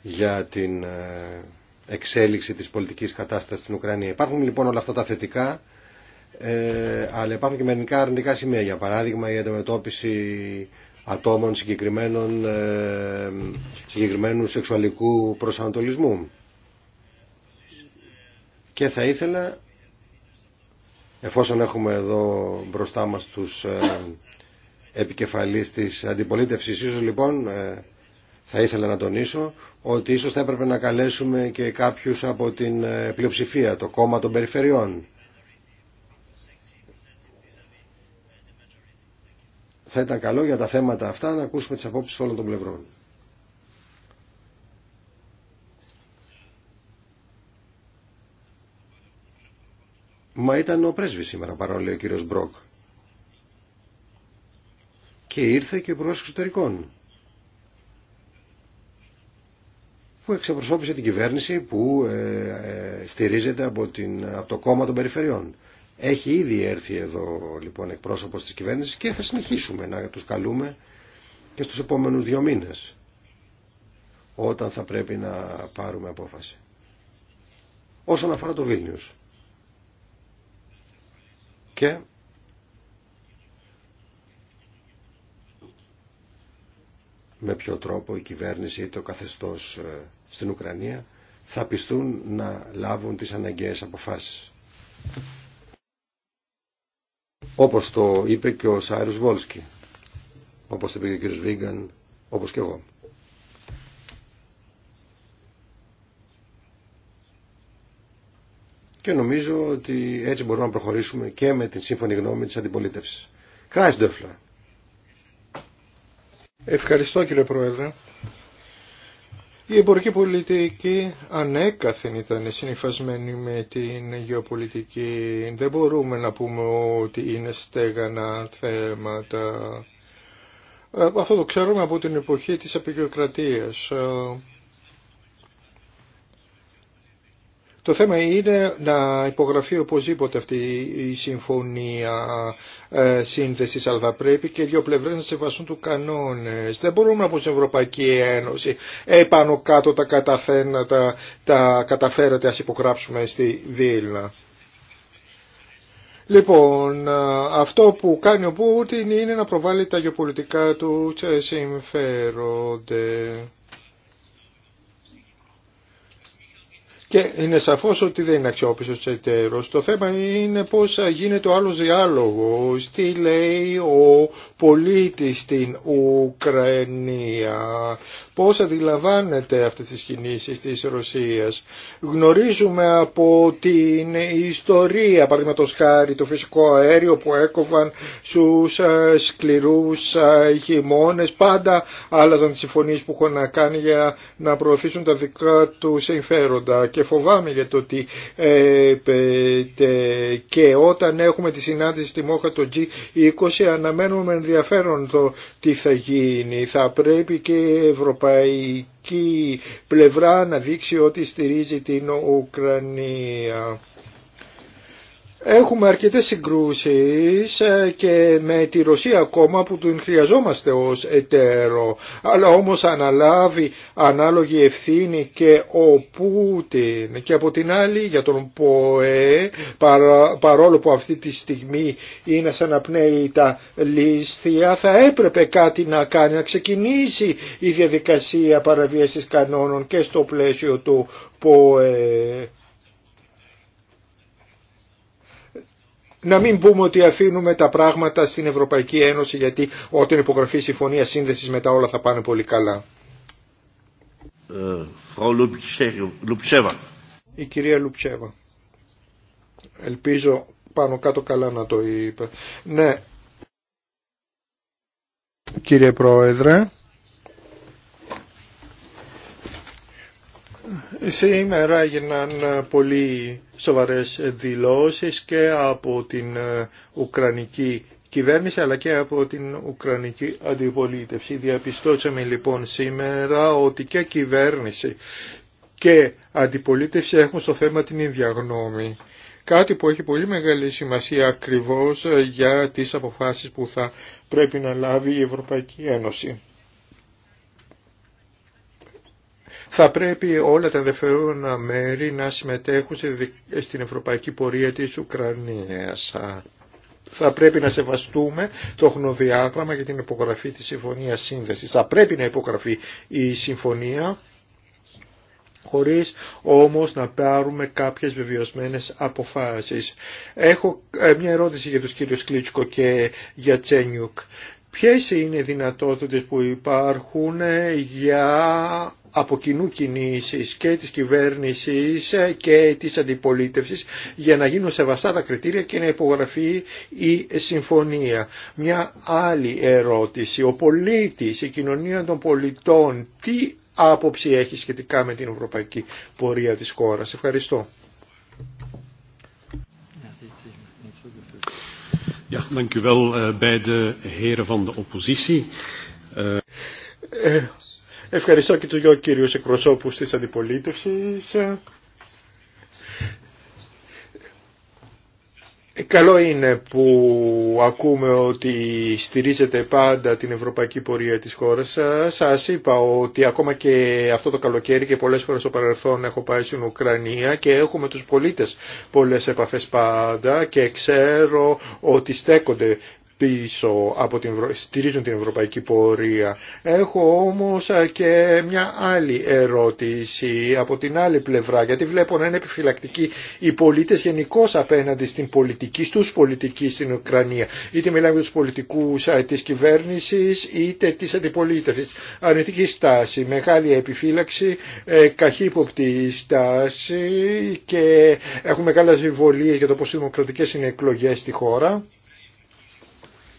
για την ε, εξέλιξη της πολιτικής κατάστασης στην Ουκρανία. Υπάρχουν λοιπόν όλα αυτά τα θετικά ε, αλλά υπάρχουν και μερικά αρνητικά σημεία. Για παράδειγμα, η αντιμετώπιση ατόμων συγκεκριμένων, ε, συγκεκριμένου σεξουαλικού προσανατολισμού. Και θα ήθελα, εφόσον έχουμε εδώ μπροστά μας τους ε, επικεφαλής της αντιπολίτευσης, ίσως λοιπόν ε, θα ήθελα να τονίσω ότι ίσως θα έπρεπε να καλέσουμε και κάποιους από την ε, πλειοψηφία, το κόμμα των περιφερειών θα ήταν καλό για τα θέματα αυτά να ακούσουμε τις απόψεις όλων των πλευρών. Μα ήταν ο πρέσβη σήμερα παρόλο ο κύριος Μπροκ. Και ήρθε και ο Υπουργός Εξωτερικών. Που εξεπροσώπησε την κυβέρνηση που ε, ε, στηρίζεται από, την, από το κόμμα των περιφερειών. Έχει ήδη έρθει εδώ λοιπόν εκπρόσωπος της κυβέρνησης και θα συνεχίσουμε να τους καλούμε και στους επόμενους δύο μήνες όταν θα πρέπει να πάρουμε απόφαση. Όσον αφορά το Βίλνιους και με ποιο τρόπο η κυβέρνηση ή το καθεστώς ε, στην Ουκρανία θα πιστούν να λάβουν τις αναγκαίες αποφάσεις όπως το είπε και ο Σάιρος Βόλσκι, όπως το είπε και ο κύριος Βίγκαν, όπως και εγώ. Και νομίζω ότι έτσι μπορούμε να προχωρήσουμε και με την σύμφωνη γνώμη της αντιπολίτευσης. Κράις Ντόφλα. Ευχαριστώ κύριε Πρόεδρε. Η εμπορική πολιτική ανέκαθεν ήταν συνειφασμένη με την γεωπολιτική. Δεν μπορούμε να πούμε ότι είναι στέγανα θέματα. Ε, αυτό το ξέρουμε από την εποχή της επικοκρατίας. Ε, Το θέμα είναι να υπογραφεί οπωσδήποτε αυτή η συμφωνία ε, αλλά θα πρέπει και οι δύο πλευρές να σεβαστούν του κανόνε. Δεν μπορούμε από την Ευρωπαϊκή Ένωση επάνω κάτω τα καταθένα, τα, καταφέρατε ας υπογράψουμε στη Βίλνα. Λοιπόν, αυτό που κάνει ο Πούτιν είναι να προβάλλει τα γεωπολιτικά του συμφέρονται. Και είναι σαφώς ότι δεν είναι αξιόπιστος εταίρο. Το θέμα είναι πώς γίνεται ο άλλος διάλογος. Τι λέει ο πολίτης στην Ουκρανία. Πώς αντιλαμβάνεται αυτές τις κινήσεις της Ρωσίας. Γνωρίζουμε από την ιστορία, παραδείγματο χάρη, το φυσικό αέριο που έκοβαν στου ε, σκληρούς ε, χειμώνε. Πάντα άλλαζαν τις συμφωνίες που έχουν κάνει για να προωθήσουν τα δικά του συμφέροντα και φοβάμαι για το ότι ε, και όταν έχουμε τη συνάντηση στη Μόχα το G20 αναμένουμε με ενδιαφέρον το τι θα γίνει. Θα πρέπει και η ευρωπαϊκή πλευρά να δείξει ότι στηρίζει την Ουκρανία. Έχουμε αρκετές συγκρούσεις ε, και με τη Ρωσία ακόμα που του χρειαζόμαστε ως εταίρο. Αλλά όμως αναλάβει ανάλογη ευθύνη και ο Πούτιν. Και από την άλλη για τον ΠΟΕ παρόλο που αυτή τη στιγμή είναι σαν να πνέει τα λίσθια θα έπρεπε κάτι να κάνει, να ξεκινήσει η διαδικασία παραβίασης κανόνων και στο πλαίσιο του ΠΟΕ. να μην πούμε ότι αφήνουμε τα πράγματα στην Ευρωπαϊκή Ένωση γιατί όταν υπογραφεί η συμφωνία σύνδεσης μετά όλα θα πάνε πολύ καλά. Ε, η κυρία Λουψέβα. Ελπίζω πάνω κάτω καλά να το είπα. Ναι. Κύριε Πρόεδρε, Σήμερα έγιναν ε, πολύ σοβαρές δηλώσεις και από την ε, Ουκρανική κυβέρνηση αλλά και από την Ουκρανική αντιπολίτευση. Διαπιστώσαμε λοιπόν σήμερα ότι και κυβέρνηση και αντιπολίτευση έχουν στο θέμα την ίδια γνώμη. Κάτι που έχει πολύ μεγάλη σημασία ακριβώς ε, για τις αποφάσεις που θα πρέπει να λάβει η Ευρωπαϊκή Ένωση. θα πρέπει όλα τα ενδιαφέρουνα μέρη να συμμετέχουν στην ευρωπαϊκή πορεία της Ουκρανίας. Θα πρέπει να σεβαστούμε το χνοδιάγραμμα για την υπογραφή της Συμφωνίας Σύνδεσης. Θα πρέπει να υπογραφεί η Συμφωνία χωρίς όμως να πάρουμε κάποιες βεβαιωσμένες αποφάσεις. Έχω ε, μια ερώτηση για τους κύριους Κλίτσκο και για Τσένιουκ. Ποιες είναι οι δυνατότητες που υπάρχουν για από κοινού κινήσεις και της κυβέρνησης και της αντιπολίτευσης για να γίνουν σεβαστά τα κριτήρια και να υπογραφεί η συμφωνία. Μια άλλη ερώτηση. Ο πολίτης, η κοινωνία των πολιτών, τι άποψη έχει σχετικά με την ευρωπαϊκή πορεία της χώρας. Ευχαριστώ. Ευχαριστώ και τους δύο κύριους εκπροσώπους της αντιπολίτευσης. Καλό είναι που ακούμε ότι στηρίζετε πάντα την ευρωπαϊκή πορεία της χώρας σας. είπα ότι ακόμα και αυτό το καλοκαίρι και πολλές φορές στο παρελθόν έχω πάει στην Ουκρανία και έχουμε τους πολίτες πολλές επαφές πάντα και ξέρω ότι στέκονται πίσω από την, στηρίζουν την ευρωπαϊκή πορεία. Έχω όμως και μια άλλη ερώτηση από την άλλη πλευρά, γιατί βλέπω να είναι επιφυλακτικοί οι πολίτες γενικώ απέναντι στην πολιτική, στους πολιτικοί στην Ουκρανία. Είτε μιλάμε για τους πολιτικούς της κυβέρνησης, είτε της αντιπολίτευσης. Αρνητική στάση, μεγάλη επιφύλαξη, ε, καχύποπτη στάση και έχουμε μεγάλες βιβολίες για το πώς δημοκρατικές είναι εκλογές στη χώρα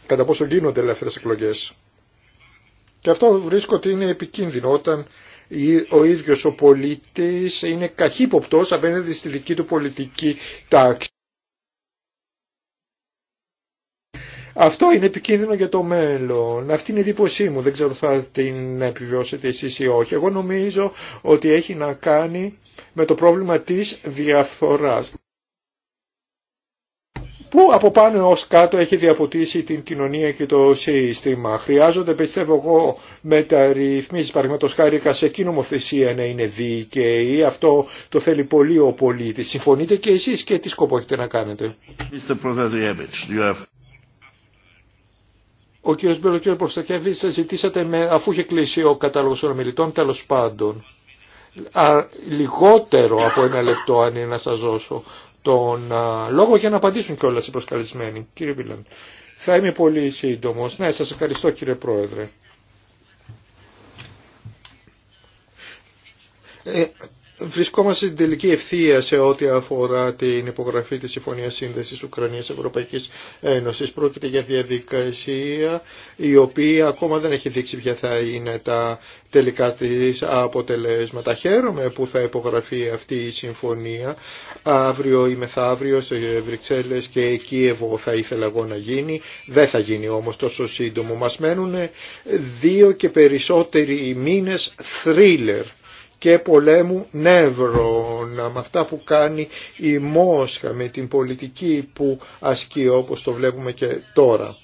κατά πόσο γίνονται ελεύθερες εκλογές. Και αυτό βρίσκω ότι είναι επικίνδυνο όταν ο ίδιος ο πολίτης είναι καχύποπτος απέναντι στη δική του πολιτική τάξη. Αυτό είναι επικίνδυνο για το μέλλον. Αυτή είναι η εντύπωσή μου. Δεν ξέρω θα την επιβιώσετε εσείς ή όχι. Εγώ νομίζω ότι έχει να κάνει με το πρόβλημα της διαφθοράς που από πάνω ως κάτω έχει διαποτίσει την κοινωνία και το σύστημα. Χρειάζονται, πιστεύω εγώ, μεταρρυθμίσεις, παραδείγματος χάρη κασεκή νομοθεσία να είναι δίκαιη. Αυτό το θέλει πολύ ο πολίτης. Συμφωνείτε και εσείς και τι σκοπό έχετε να κάνετε. Ο κ. Μπέλο, κ. Προστακεύη, ζητήσατε με, αφού είχε κλείσει ο κατάλογος των ομιλητών, τέλος πάντων. λιγότερο από ένα λεπτό αν είναι να σας δώσω τον λόγο για να απαντήσουν κιόλα οι προσκαλισμένοι. Κύριε Βίλαν, θα είμαι πολύ σύντομο. Ναι, σας ευχαριστώ κύριε Πρόεδρε. Ε, Βρισκόμαστε στην τελική ευθεία σε ό,τι αφορά την υπογραφή της Συμφωνίας Σύνδεσης Ουκρανίας Ευρωπαϊκής Ένωσης. Πρόκειται για διαδικασία η οποία ακόμα δεν έχει δείξει ποια θα είναι τα τελικά της αποτελέσματα. Χαίρομαι που θα υπογραφεί αυτή η συμφωνία αύριο ή μεθαύριο σε Βρυξέλλες και εκεί εγώ θα ήθελα εγώ να γίνει. Δεν θα γίνει όμως τόσο σύντομο. Μας μένουν δύο και περισσότεροι μήνες θρίλερ και πολέμου νεύρων, με αυτά που κάνει η Μόσχα, με την πολιτική που ασκεί όπως το βλέπουμε και τώρα.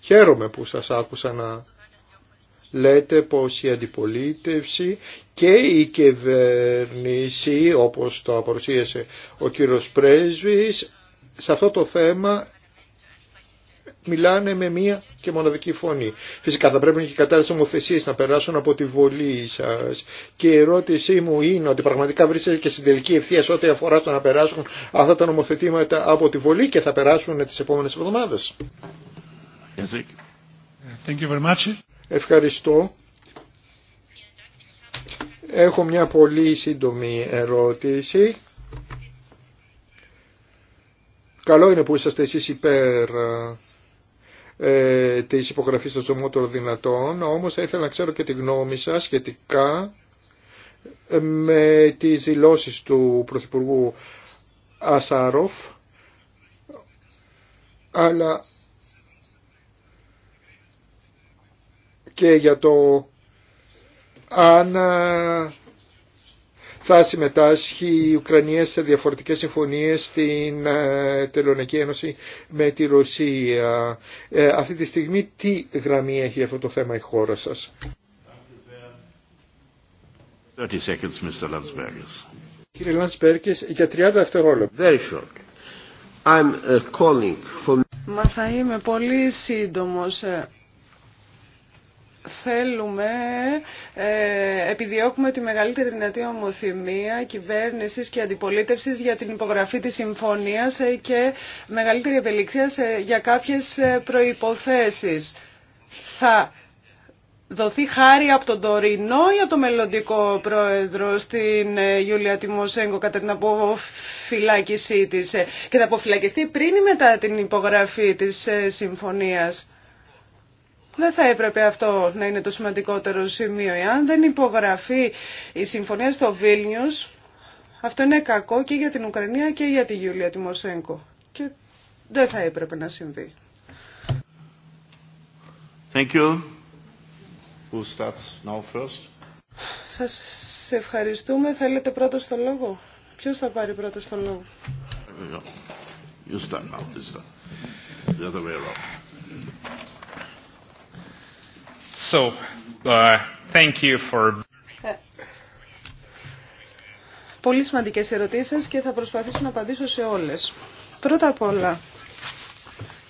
Χαίρομαι που σας άκουσα να λέτε πως η αντιπολίτευση και η κυβέρνηση όπως το απορροσίασε ο κύριος Πρέσβης σε αυτό το θέμα μιλάνε με μία και μοναδική φωνή. Φυσικά θα πρέπει και οι κατάλληλε ομοθεσίε να περάσουν από τη βολή σα. Και η ερώτησή μου είναι ότι πραγματικά βρίσκεται και στην τελική ευθεία ό,τι αφορά στο να περάσουν αυτά τα νομοθετήματα από τη βολή και θα περάσουν τι επόμενε εβδομάδε. Ευχαριστώ. Έχω μια πολύ σύντομη ερώτηση. Καλό είναι που είσαστε εσείς υπέρ ε, της υπογραφής των ζωμότερων δυνατών, όμως θα ήθελα να ξέρω και τη γνώμη σας σχετικά ε, με τις δηλώσεις του Πρωθυπουργού Ασάροφ, αλλά και για το αν ε, θα συμμετάσχει η Ουκρανία σε διαφορετικές συμφωνίες στην ε, Τελωνική Ένωση με τη Ρωσία. Ε, αυτή τη στιγμή τι γραμμή έχει αυτό το θέμα η χώρα σας. 30 seconds, Mr. Κύριε Λαντσπέρκης, για 30 δευτερόλεπτα. Μα θα είμαι πολύ σύντομος. Ε, θέλουμε, ε, επιδιώκουμε τη μεγαλύτερη δυνατή ομοθυμία κυβέρνησης και αντιπολίτευσης για την υπογραφή της συμφωνίας ε, και μεγαλύτερη ευελιξία για κάποιες ε, προϋποθέσεις. Θα δοθεί χάρη από τον τωρινό ή από τον μελλοντικό πρόεδρο στην Ιουλία Τιμοσέγκο κατά την αποφυλάκησή της και θα αποφυλακιστεί πριν ή μετά την υπογραφή της συμφωνίας. Δεν θα έπρεπε αυτό να είναι το σημαντικότερο σημείο. Εάν δεν υπογραφεί η συμφωνία στο Βίλνιους, αυτό είναι κακό και για την Ουκρανία και για τη Γιούλια Τιμοσέγκο. Και δεν θα έπρεπε να συμβεί. Thank you. Who starts now first? Σας ευχαριστούμε. Θέλετε πρώτο το λόγο. Ποιος θα πάρει πρώτο το λόγο. You start now, this The other way around. So, uh, thank you for... Πολύ σημαντικές ερωτήσεις και θα προσπαθήσω να απαντήσω σε όλες. Πρώτα απ' όλα,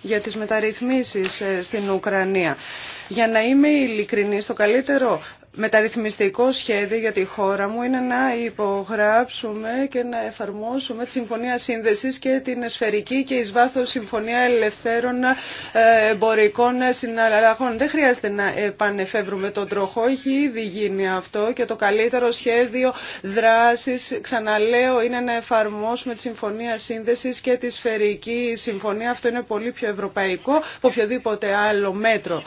για τις μεταρρυθμίσεις ε, στην Ουκρανία. Για να είμαι ειλικρινή, το καλύτερο μεταρρυθμιστικό σχέδιο για τη χώρα μου είναι να υπογράψουμε και να εφαρμόσουμε τη Συμφωνία Σύνδεσης και την Σφαιρική και εις βάθος Συμφωνία Ελευθέρων ε, Εμπορικών Συναλλαγών. Δεν χρειάζεται να επανεφεύρουμε τον τροχό, έχει ήδη γίνει αυτό και το καλύτερο σχέδιο δράσης, ξαναλέω, είναι να εφαρμόσουμε τη Συμφωνία Σύνδεσης και τη Σφαιρική Συμφωνία. Αυτό είναι πολύ πιο ευρωπαϊκό από οποιοδήποτε άλλο μέτρο.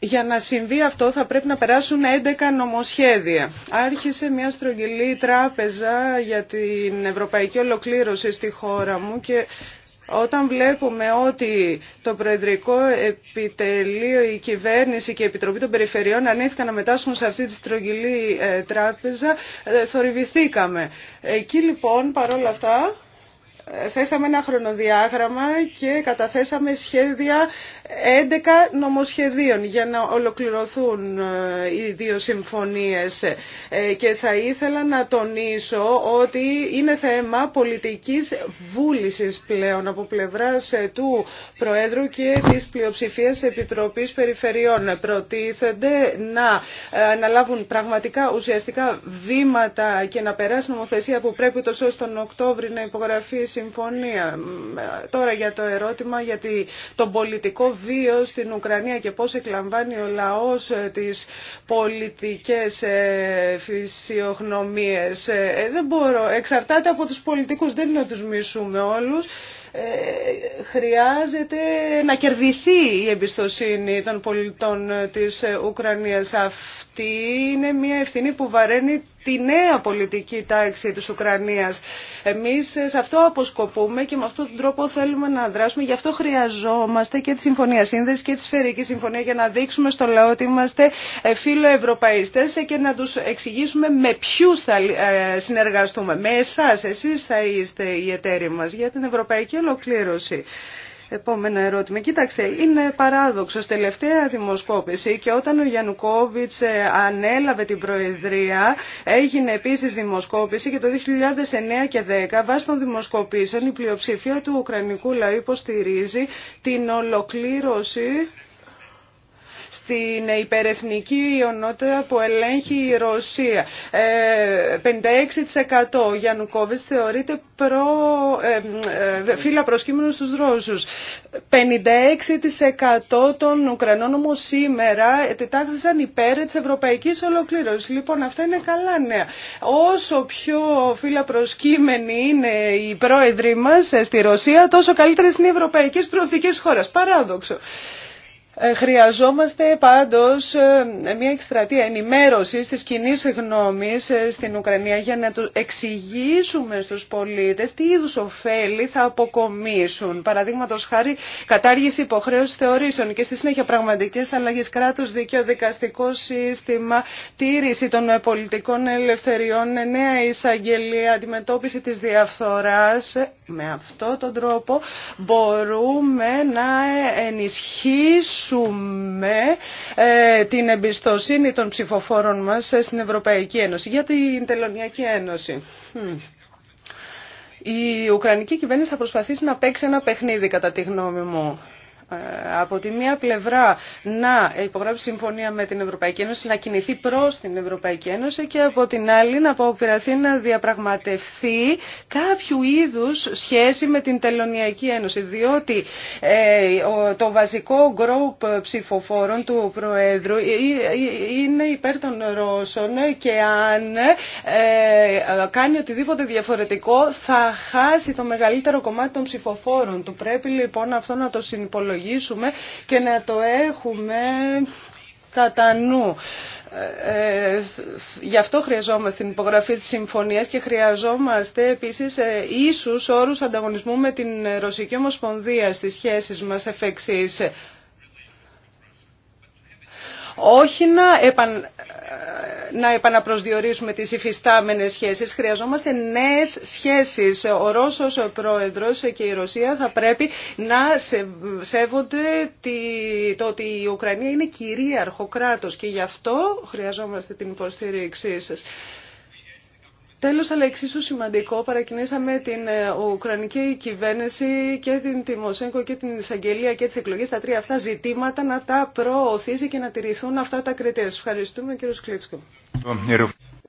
Για να συμβεί αυτό θα πρέπει να περάσουν 11 νομοσχέδια. Άρχισε μια στρογγυλή τράπεζα για την ευρωπαϊκή ολοκλήρωση στη χώρα μου και όταν βλέπουμε ότι το Προεδρικό Επιτελείο, η Κυβέρνηση και η Επιτροπή των Περιφερειών ανήθηκαν να μετάσχουν σε αυτή τη στρογγυλή ε, τράπεζα, ε, θορυβηθήκαμε. Εκεί λοιπόν παρόλα αυτά θέσαμε ένα χρονοδιάγραμμα και καταθέσαμε σχέδια 11 νομοσχεδίων για να ολοκληρωθούν ε, οι δύο συμφωνίες ε, και θα ήθελα να τονίσω ότι είναι θέμα πολιτικής βούλησης πλέον από πλευράς ε, του Προέδρου και της πλειοψηφίας Επιτροπής Περιφερειών. Προτίθενται να αναλάβουν πραγματικά ουσιαστικά βήματα και να περάσει νομοθεσία που πρέπει τόσο τον Οκτώβριο να υπογραφήσει συμφωνία. Τώρα για το ερώτημα για το πολιτικό βίο στην Ουκρανία και πώς εκλαμβάνει ο λαός ε, τις πολιτικές ε, φυσιογνωμίες. Ε, δεν μπορώ, εξαρτάται από τους πολιτικούς, δεν είναι να τους μισούμε όλους. χρειάζεται να κερδιθεί η εμπιστοσύνη των πολιτών της Ουκρανίας. Αυτή είναι μια ευθύνη που βαραίνει τη νέα πολιτική τάξη της Ουκρανίας. Εμείς σε αυτό αποσκοπούμε και με αυτόν τον τρόπο θέλουμε να δράσουμε. Γι' αυτό χρειαζόμαστε και τη Συμφωνία Σύνδεση και τη Σφαιρική Συμφωνία για να δείξουμε στο λαό ότι είμαστε ε, φιλοευρωπαϊστές και να τους εξηγήσουμε με ποιου θα ε, συνεργαστούμε. Με εσάς, εσείς θα είστε οι εταίροι μας για την ευρωπαϊκή ολοκλήρωση. Επόμενο ερώτημα. Κοίταξε, είναι παράδοξο. Τελευταία δημοσκόπηση και όταν ο Γιανουκόβιτς ε, ανέλαβε την Προεδρία, έγινε επίση δημοσκόπηση και το 2009 και 2010, βάσει των δημοσκοπήσεων, η πλειοψηφία του Ουκρανικού λαού υποστηρίζει την ολοκλήρωση στην υπερεθνική ιονότητα που ελέγχει η Ρωσία. 56% ε, ο Γιαννουκόβιτς θεωρείται προ ε, ε, φύλλα προσκύμενου στους Ρώσους. 56% των Ουκρανών όμω σήμερα τετάχθησαν υπέρ της ευρωπαϊκής ολοκλήρωσης. Λοιπόν, αυτά είναι καλά νέα. Όσο πιο φύλλα προσκύμενη είναι οι πρόεδροι μας ε, στη Ρωσία, τόσο καλύτερες είναι οι ευρωπαϊκές προοπτικές χώρας. Παράδοξο. Ε, χρειαζόμαστε πάντως ε, μια εκστρατεία ενημέρωσης της κοινή γνώμης ε, στην Ουκρανία για να του εξηγήσουμε στους πολίτες τι είδους ωφέλη θα αποκομίσουν. Παραδείγματο χάρη κατάργηση υποχρέωση θεωρήσεων και στη συνέχεια πραγματικές αλλαγές κράτους, δικαιο, δικαστικό σύστημα, τήρηση των πολιτικών ελευθεριών, νέα εισαγγελία, αντιμετώπιση της διαφθοράς. Με αυτόν τον τρόπο μπορούμε να ενισχύσουμε Ευχαριστούμε ε, την εμπιστοσύνη των ψηφοφόρων μας ε, στην Ευρωπαϊκή Ένωση. Για την Τελωνιακή Ένωση. Hm. Η Ουκρανική κυβέρνηση θα προσπαθήσει να παίξει ένα παιχνίδι κατά τη γνώμη μου. Ε, από τη μία πλευρά να υπογράψει συμφωνία με την Ευρωπαϊκή Ένωση, να κινηθεί προς την Ευρωπαϊκή Ένωση και από την άλλη να αποπειραθεί να διαπραγματευθεί κάποιου είδους σχέση με την Τελωνιακή Ένωση. Διότι ε, το βασικό γκρόπ ψηφοφόρων του Προέδρου ε, είναι υπέρ των Ρώσων και αν κάνει οτιδήποτε διαφορετικό θα χάσει το μεγαλύτερο κομμάτι των ψηφοφόρων του. Πρέπει λοιπόν αυτό να το συνυπολογίσουμε και να το έχουμε κατά νου. Ε, γι' αυτό χρειαζόμαστε την υπογραφή της συμφωνίας και χρειαζόμαστε επίσης ε, ίσους όρους ανταγωνισμού με την Ρωσική Ομοσπονδία στις σχέσεις μας εφ' εξής. Όχι να επαν, να επαναπροσδιορίσουμε τις υφιστάμενες σχέσεις. Χρειαζόμαστε νέες σχέσεις. Ο Ρώσος ο πρόεδρος και η Ρωσία θα πρέπει να σέβονται το ότι η Ουκρανία είναι κυρίαρχο κράτος και γι' αυτό χρειαζόμαστε την υποστήριξή σας. Τέλος, αλλά εξίσου σημαντικό, παρακινήσαμε την ε, Ουκρανική κυβέρνηση και την Τιμοσέγκο και την Εισαγγελία και τι εκλογέ τα τρία αυτά ζητήματα, να τα προωθήσει και να τηρηθούν αυτά τα κριτήρια. Ευχαριστούμε, κύριο Σκλίτσκο.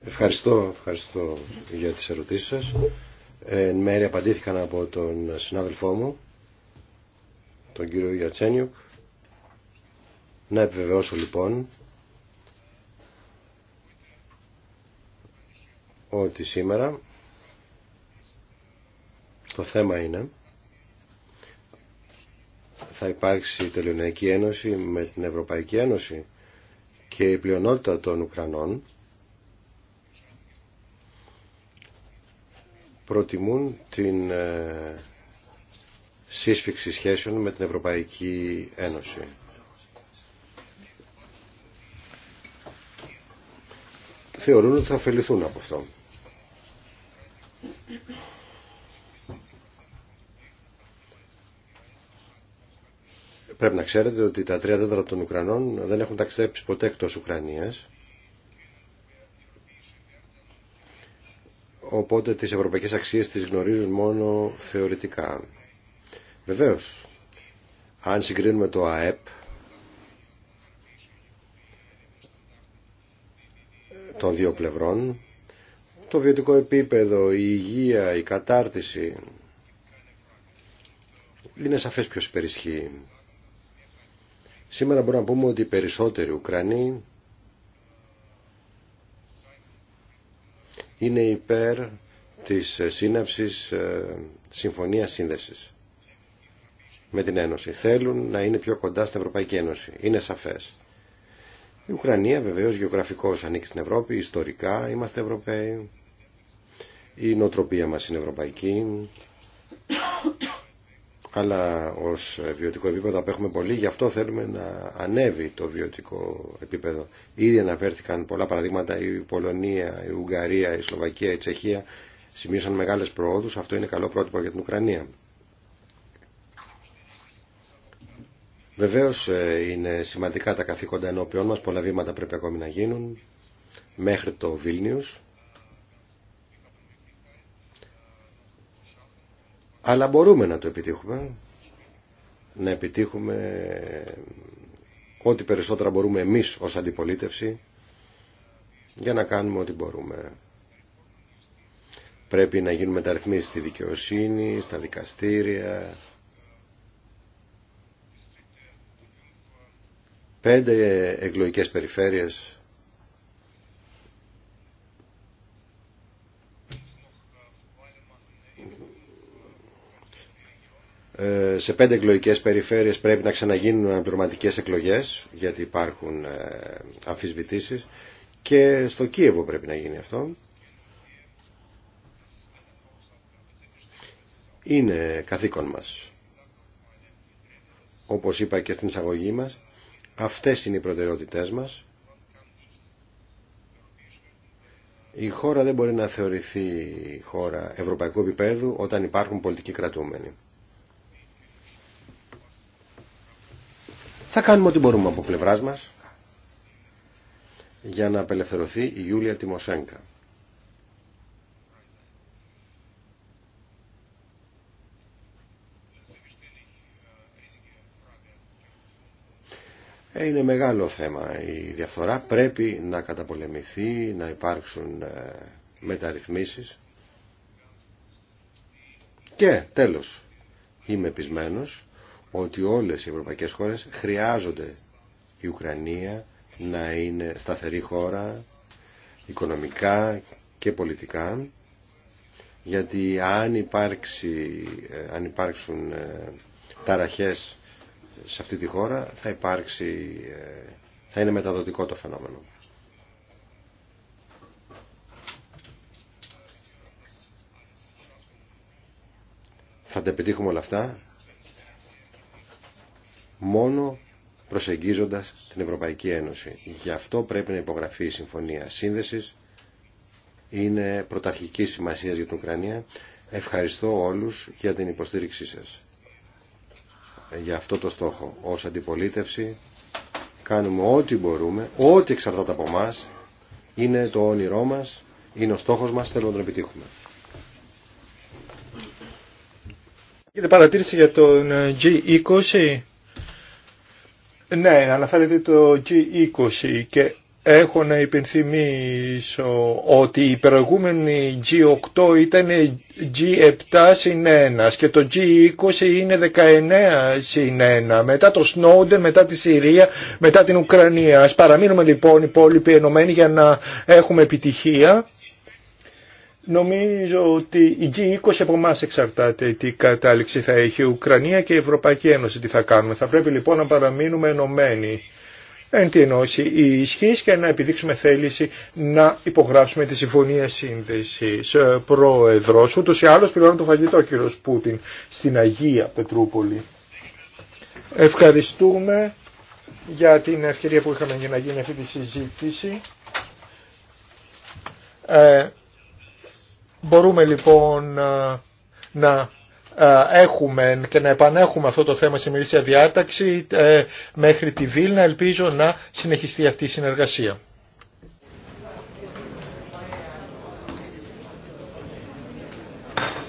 Ευχαριστώ, ευχαριστώ για τις ερωτήσεις σα. Εν απαντήθηκαν από τον συνάδελφό μου, τον κύριο Γιατσένιουκ. Να επιβεβαιώσω λοιπόν ότι σήμερα το θέμα είναι θα υπάρξει η Τελειονιακή Ένωση με την Ευρωπαϊκή Ένωση και η πλειονότητα των Ουκρανών προτιμούν την ε, σύσφυξη σχέσεων με την Ευρωπαϊκή Ένωση. Θεωρούν ότι θα ωφεληθούν από αυτό. Πρέπει να ξέρετε ότι τα τρία τέταρτα των Ουκρανών δεν έχουν ταξιδέψει ποτέ εκτός Ουκρανίας. Οπότε τις ευρωπαϊκές αξίες τις γνωρίζουν μόνο θεωρητικά. Βεβαίως, αν συγκρίνουμε το ΑΕΠ, των δύο πλευρών το βιωτικό επίπεδο, η υγεία, η κατάρτιση. Είναι σαφές ποιος υπερισχύει. Σήμερα μπορούμε να πούμε ότι οι περισσότεροι Ουκρανοί είναι υπέρ της σύναψης ε, συμφωνίας σύνδεσης με την Ένωση. Θέλουν να είναι πιο κοντά στην Ευρωπαϊκή Ένωση. Είναι σαφές. Η Ουκρανία βεβαίως γεωγραφικώς ανήκει στην Ευρώπη, ιστορικά είμαστε Ευρωπαίοι. Η νοοτροπία μας είναι ευρωπαϊκή, αλλά ως βιωτικό επίπεδο απέχουμε πολύ, γι' αυτό θέλουμε να ανέβει το βιωτικό επίπεδο. Ήδη αναφέρθηκαν πολλά παραδείγματα, η Πολωνία, η Ουγγαρία, η Σλοβακία, η Τσεχία σημείωσαν μεγάλες προόδους, αυτό είναι καλό πρότυπο για την Ουκρανία. Βεβαίως ε, είναι σημαντικά τα καθήκοντα ενώπιών μας, πολλά βήματα πρέπει ακόμη να γίνουν μέχρι το Βίλνιους Αλλά μπορούμε να το επιτύχουμε, να επιτύχουμε ό,τι περισσότερα μπορούμε εμείς ως αντιπολίτευση για να κάνουμε ό,τι μπορούμε. Πρέπει να τα τα στη δικαιοσύνη, στα δικαστήρια. Πέντε εκλογικές περιφέρειες Ε, σε πέντε εκλογικές περιφέρειες πρέπει να ξαναγίνουν αναπληρωματικές εκλογές γιατί υπάρχουν ε, αμφισβητήσεις και στο Κίεβο πρέπει να γίνει αυτό. Είναι καθήκον μας. Όπως είπα και στην εισαγωγή μας, αυτές είναι οι προτεραιότητές μας. Η χώρα δεν μπορεί να θεωρηθεί χώρα ευρωπαϊκού επίπεδου όταν υπάρχουν πολιτικοί κρατούμενοι. Θα κάνουμε ό,τι μπορούμε από πλευρά μας για να απελευθερωθεί η Γιούλια Τιμοσέγκα. Ε, είναι μεγάλο θέμα η διαφθορά. Πρέπει να καταπολεμηθεί, να υπάρξουν ε, μεταρρυθμίσεις. Και τέλος, είμαι πεισμένος ότι όλες οι ευρωπαϊκές χώρες χρειάζονται η Ουκρανία να είναι σταθερή χώρα οικονομικά και πολιτικά γιατί αν, υπάρξει, ε, αν υπάρξουν ε, ταραχές σε αυτή τη χώρα θα υπάρξει ε, θα είναι μεταδοτικό το φαινόμενο. Θα τα επιτύχουμε όλα αυτά μόνο προσεγγίζοντας την Ευρωπαϊκή Ένωση. Γι' αυτό πρέπει να υπογραφεί η Συμφωνία Σύνδεσης. Είναι πρωταρχική σημασία για την Ουκρανία. Ευχαριστώ όλους για την υποστήριξή σας. Για αυτό το στόχο. Ως αντιπολίτευση κάνουμε ό,τι μπορούμε, ό,τι εξαρτάται από εμά. Είναι το όνειρό μας, είναι ο στόχος μας, θέλουμε να τον επιτύχουμε. Έχετε παρατήρηση για τον ε, G20 ναι, αναφέρεται το G20 και έχω να υπενθυμίσω ότι η προηγούμενη G8 ήταν G7 συν 1 και το G20 είναι 19 συν 1. Μετά το Snowden, μετά τη Συρία, μετά την Ουκρανία. Ας παραμείνουμε λοιπόν οι υπόλοιποι ενωμένοι για να έχουμε επιτυχία Νομίζω ότι η G20 από εμά εξαρτάται τι κατάληξη θα έχει η Ουκρανία και η Ευρωπαϊκή Ένωση τι θα κάνουμε. Θα πρέπει λοιπόν να παραμείνουμε ενωμένοι. Εν τη ενώση η ισχύ και να επιδείξουμε θέληση να υπογράψουμε τη συμφωνία σύνδεση. Ε, Πρόεδρο, ούτω ή άλλω πληρώνει το φαγητό κύριο Πούτιν στην Αγία Πετρούπολη. Ευχαριστούμε για την ευκαιρία που είχαμε για να γίνει αυτή τη συζήτηση. Ε, Μπορούμε λοιπόν ε, να ε, έχουμε και να επανέχουμε αυτό το θέμα σε μιλήσια διάταξη ε, μέχρι τη Βίλνα. Ελπίζω να συνεχιστεί αυτή η συνεργασία.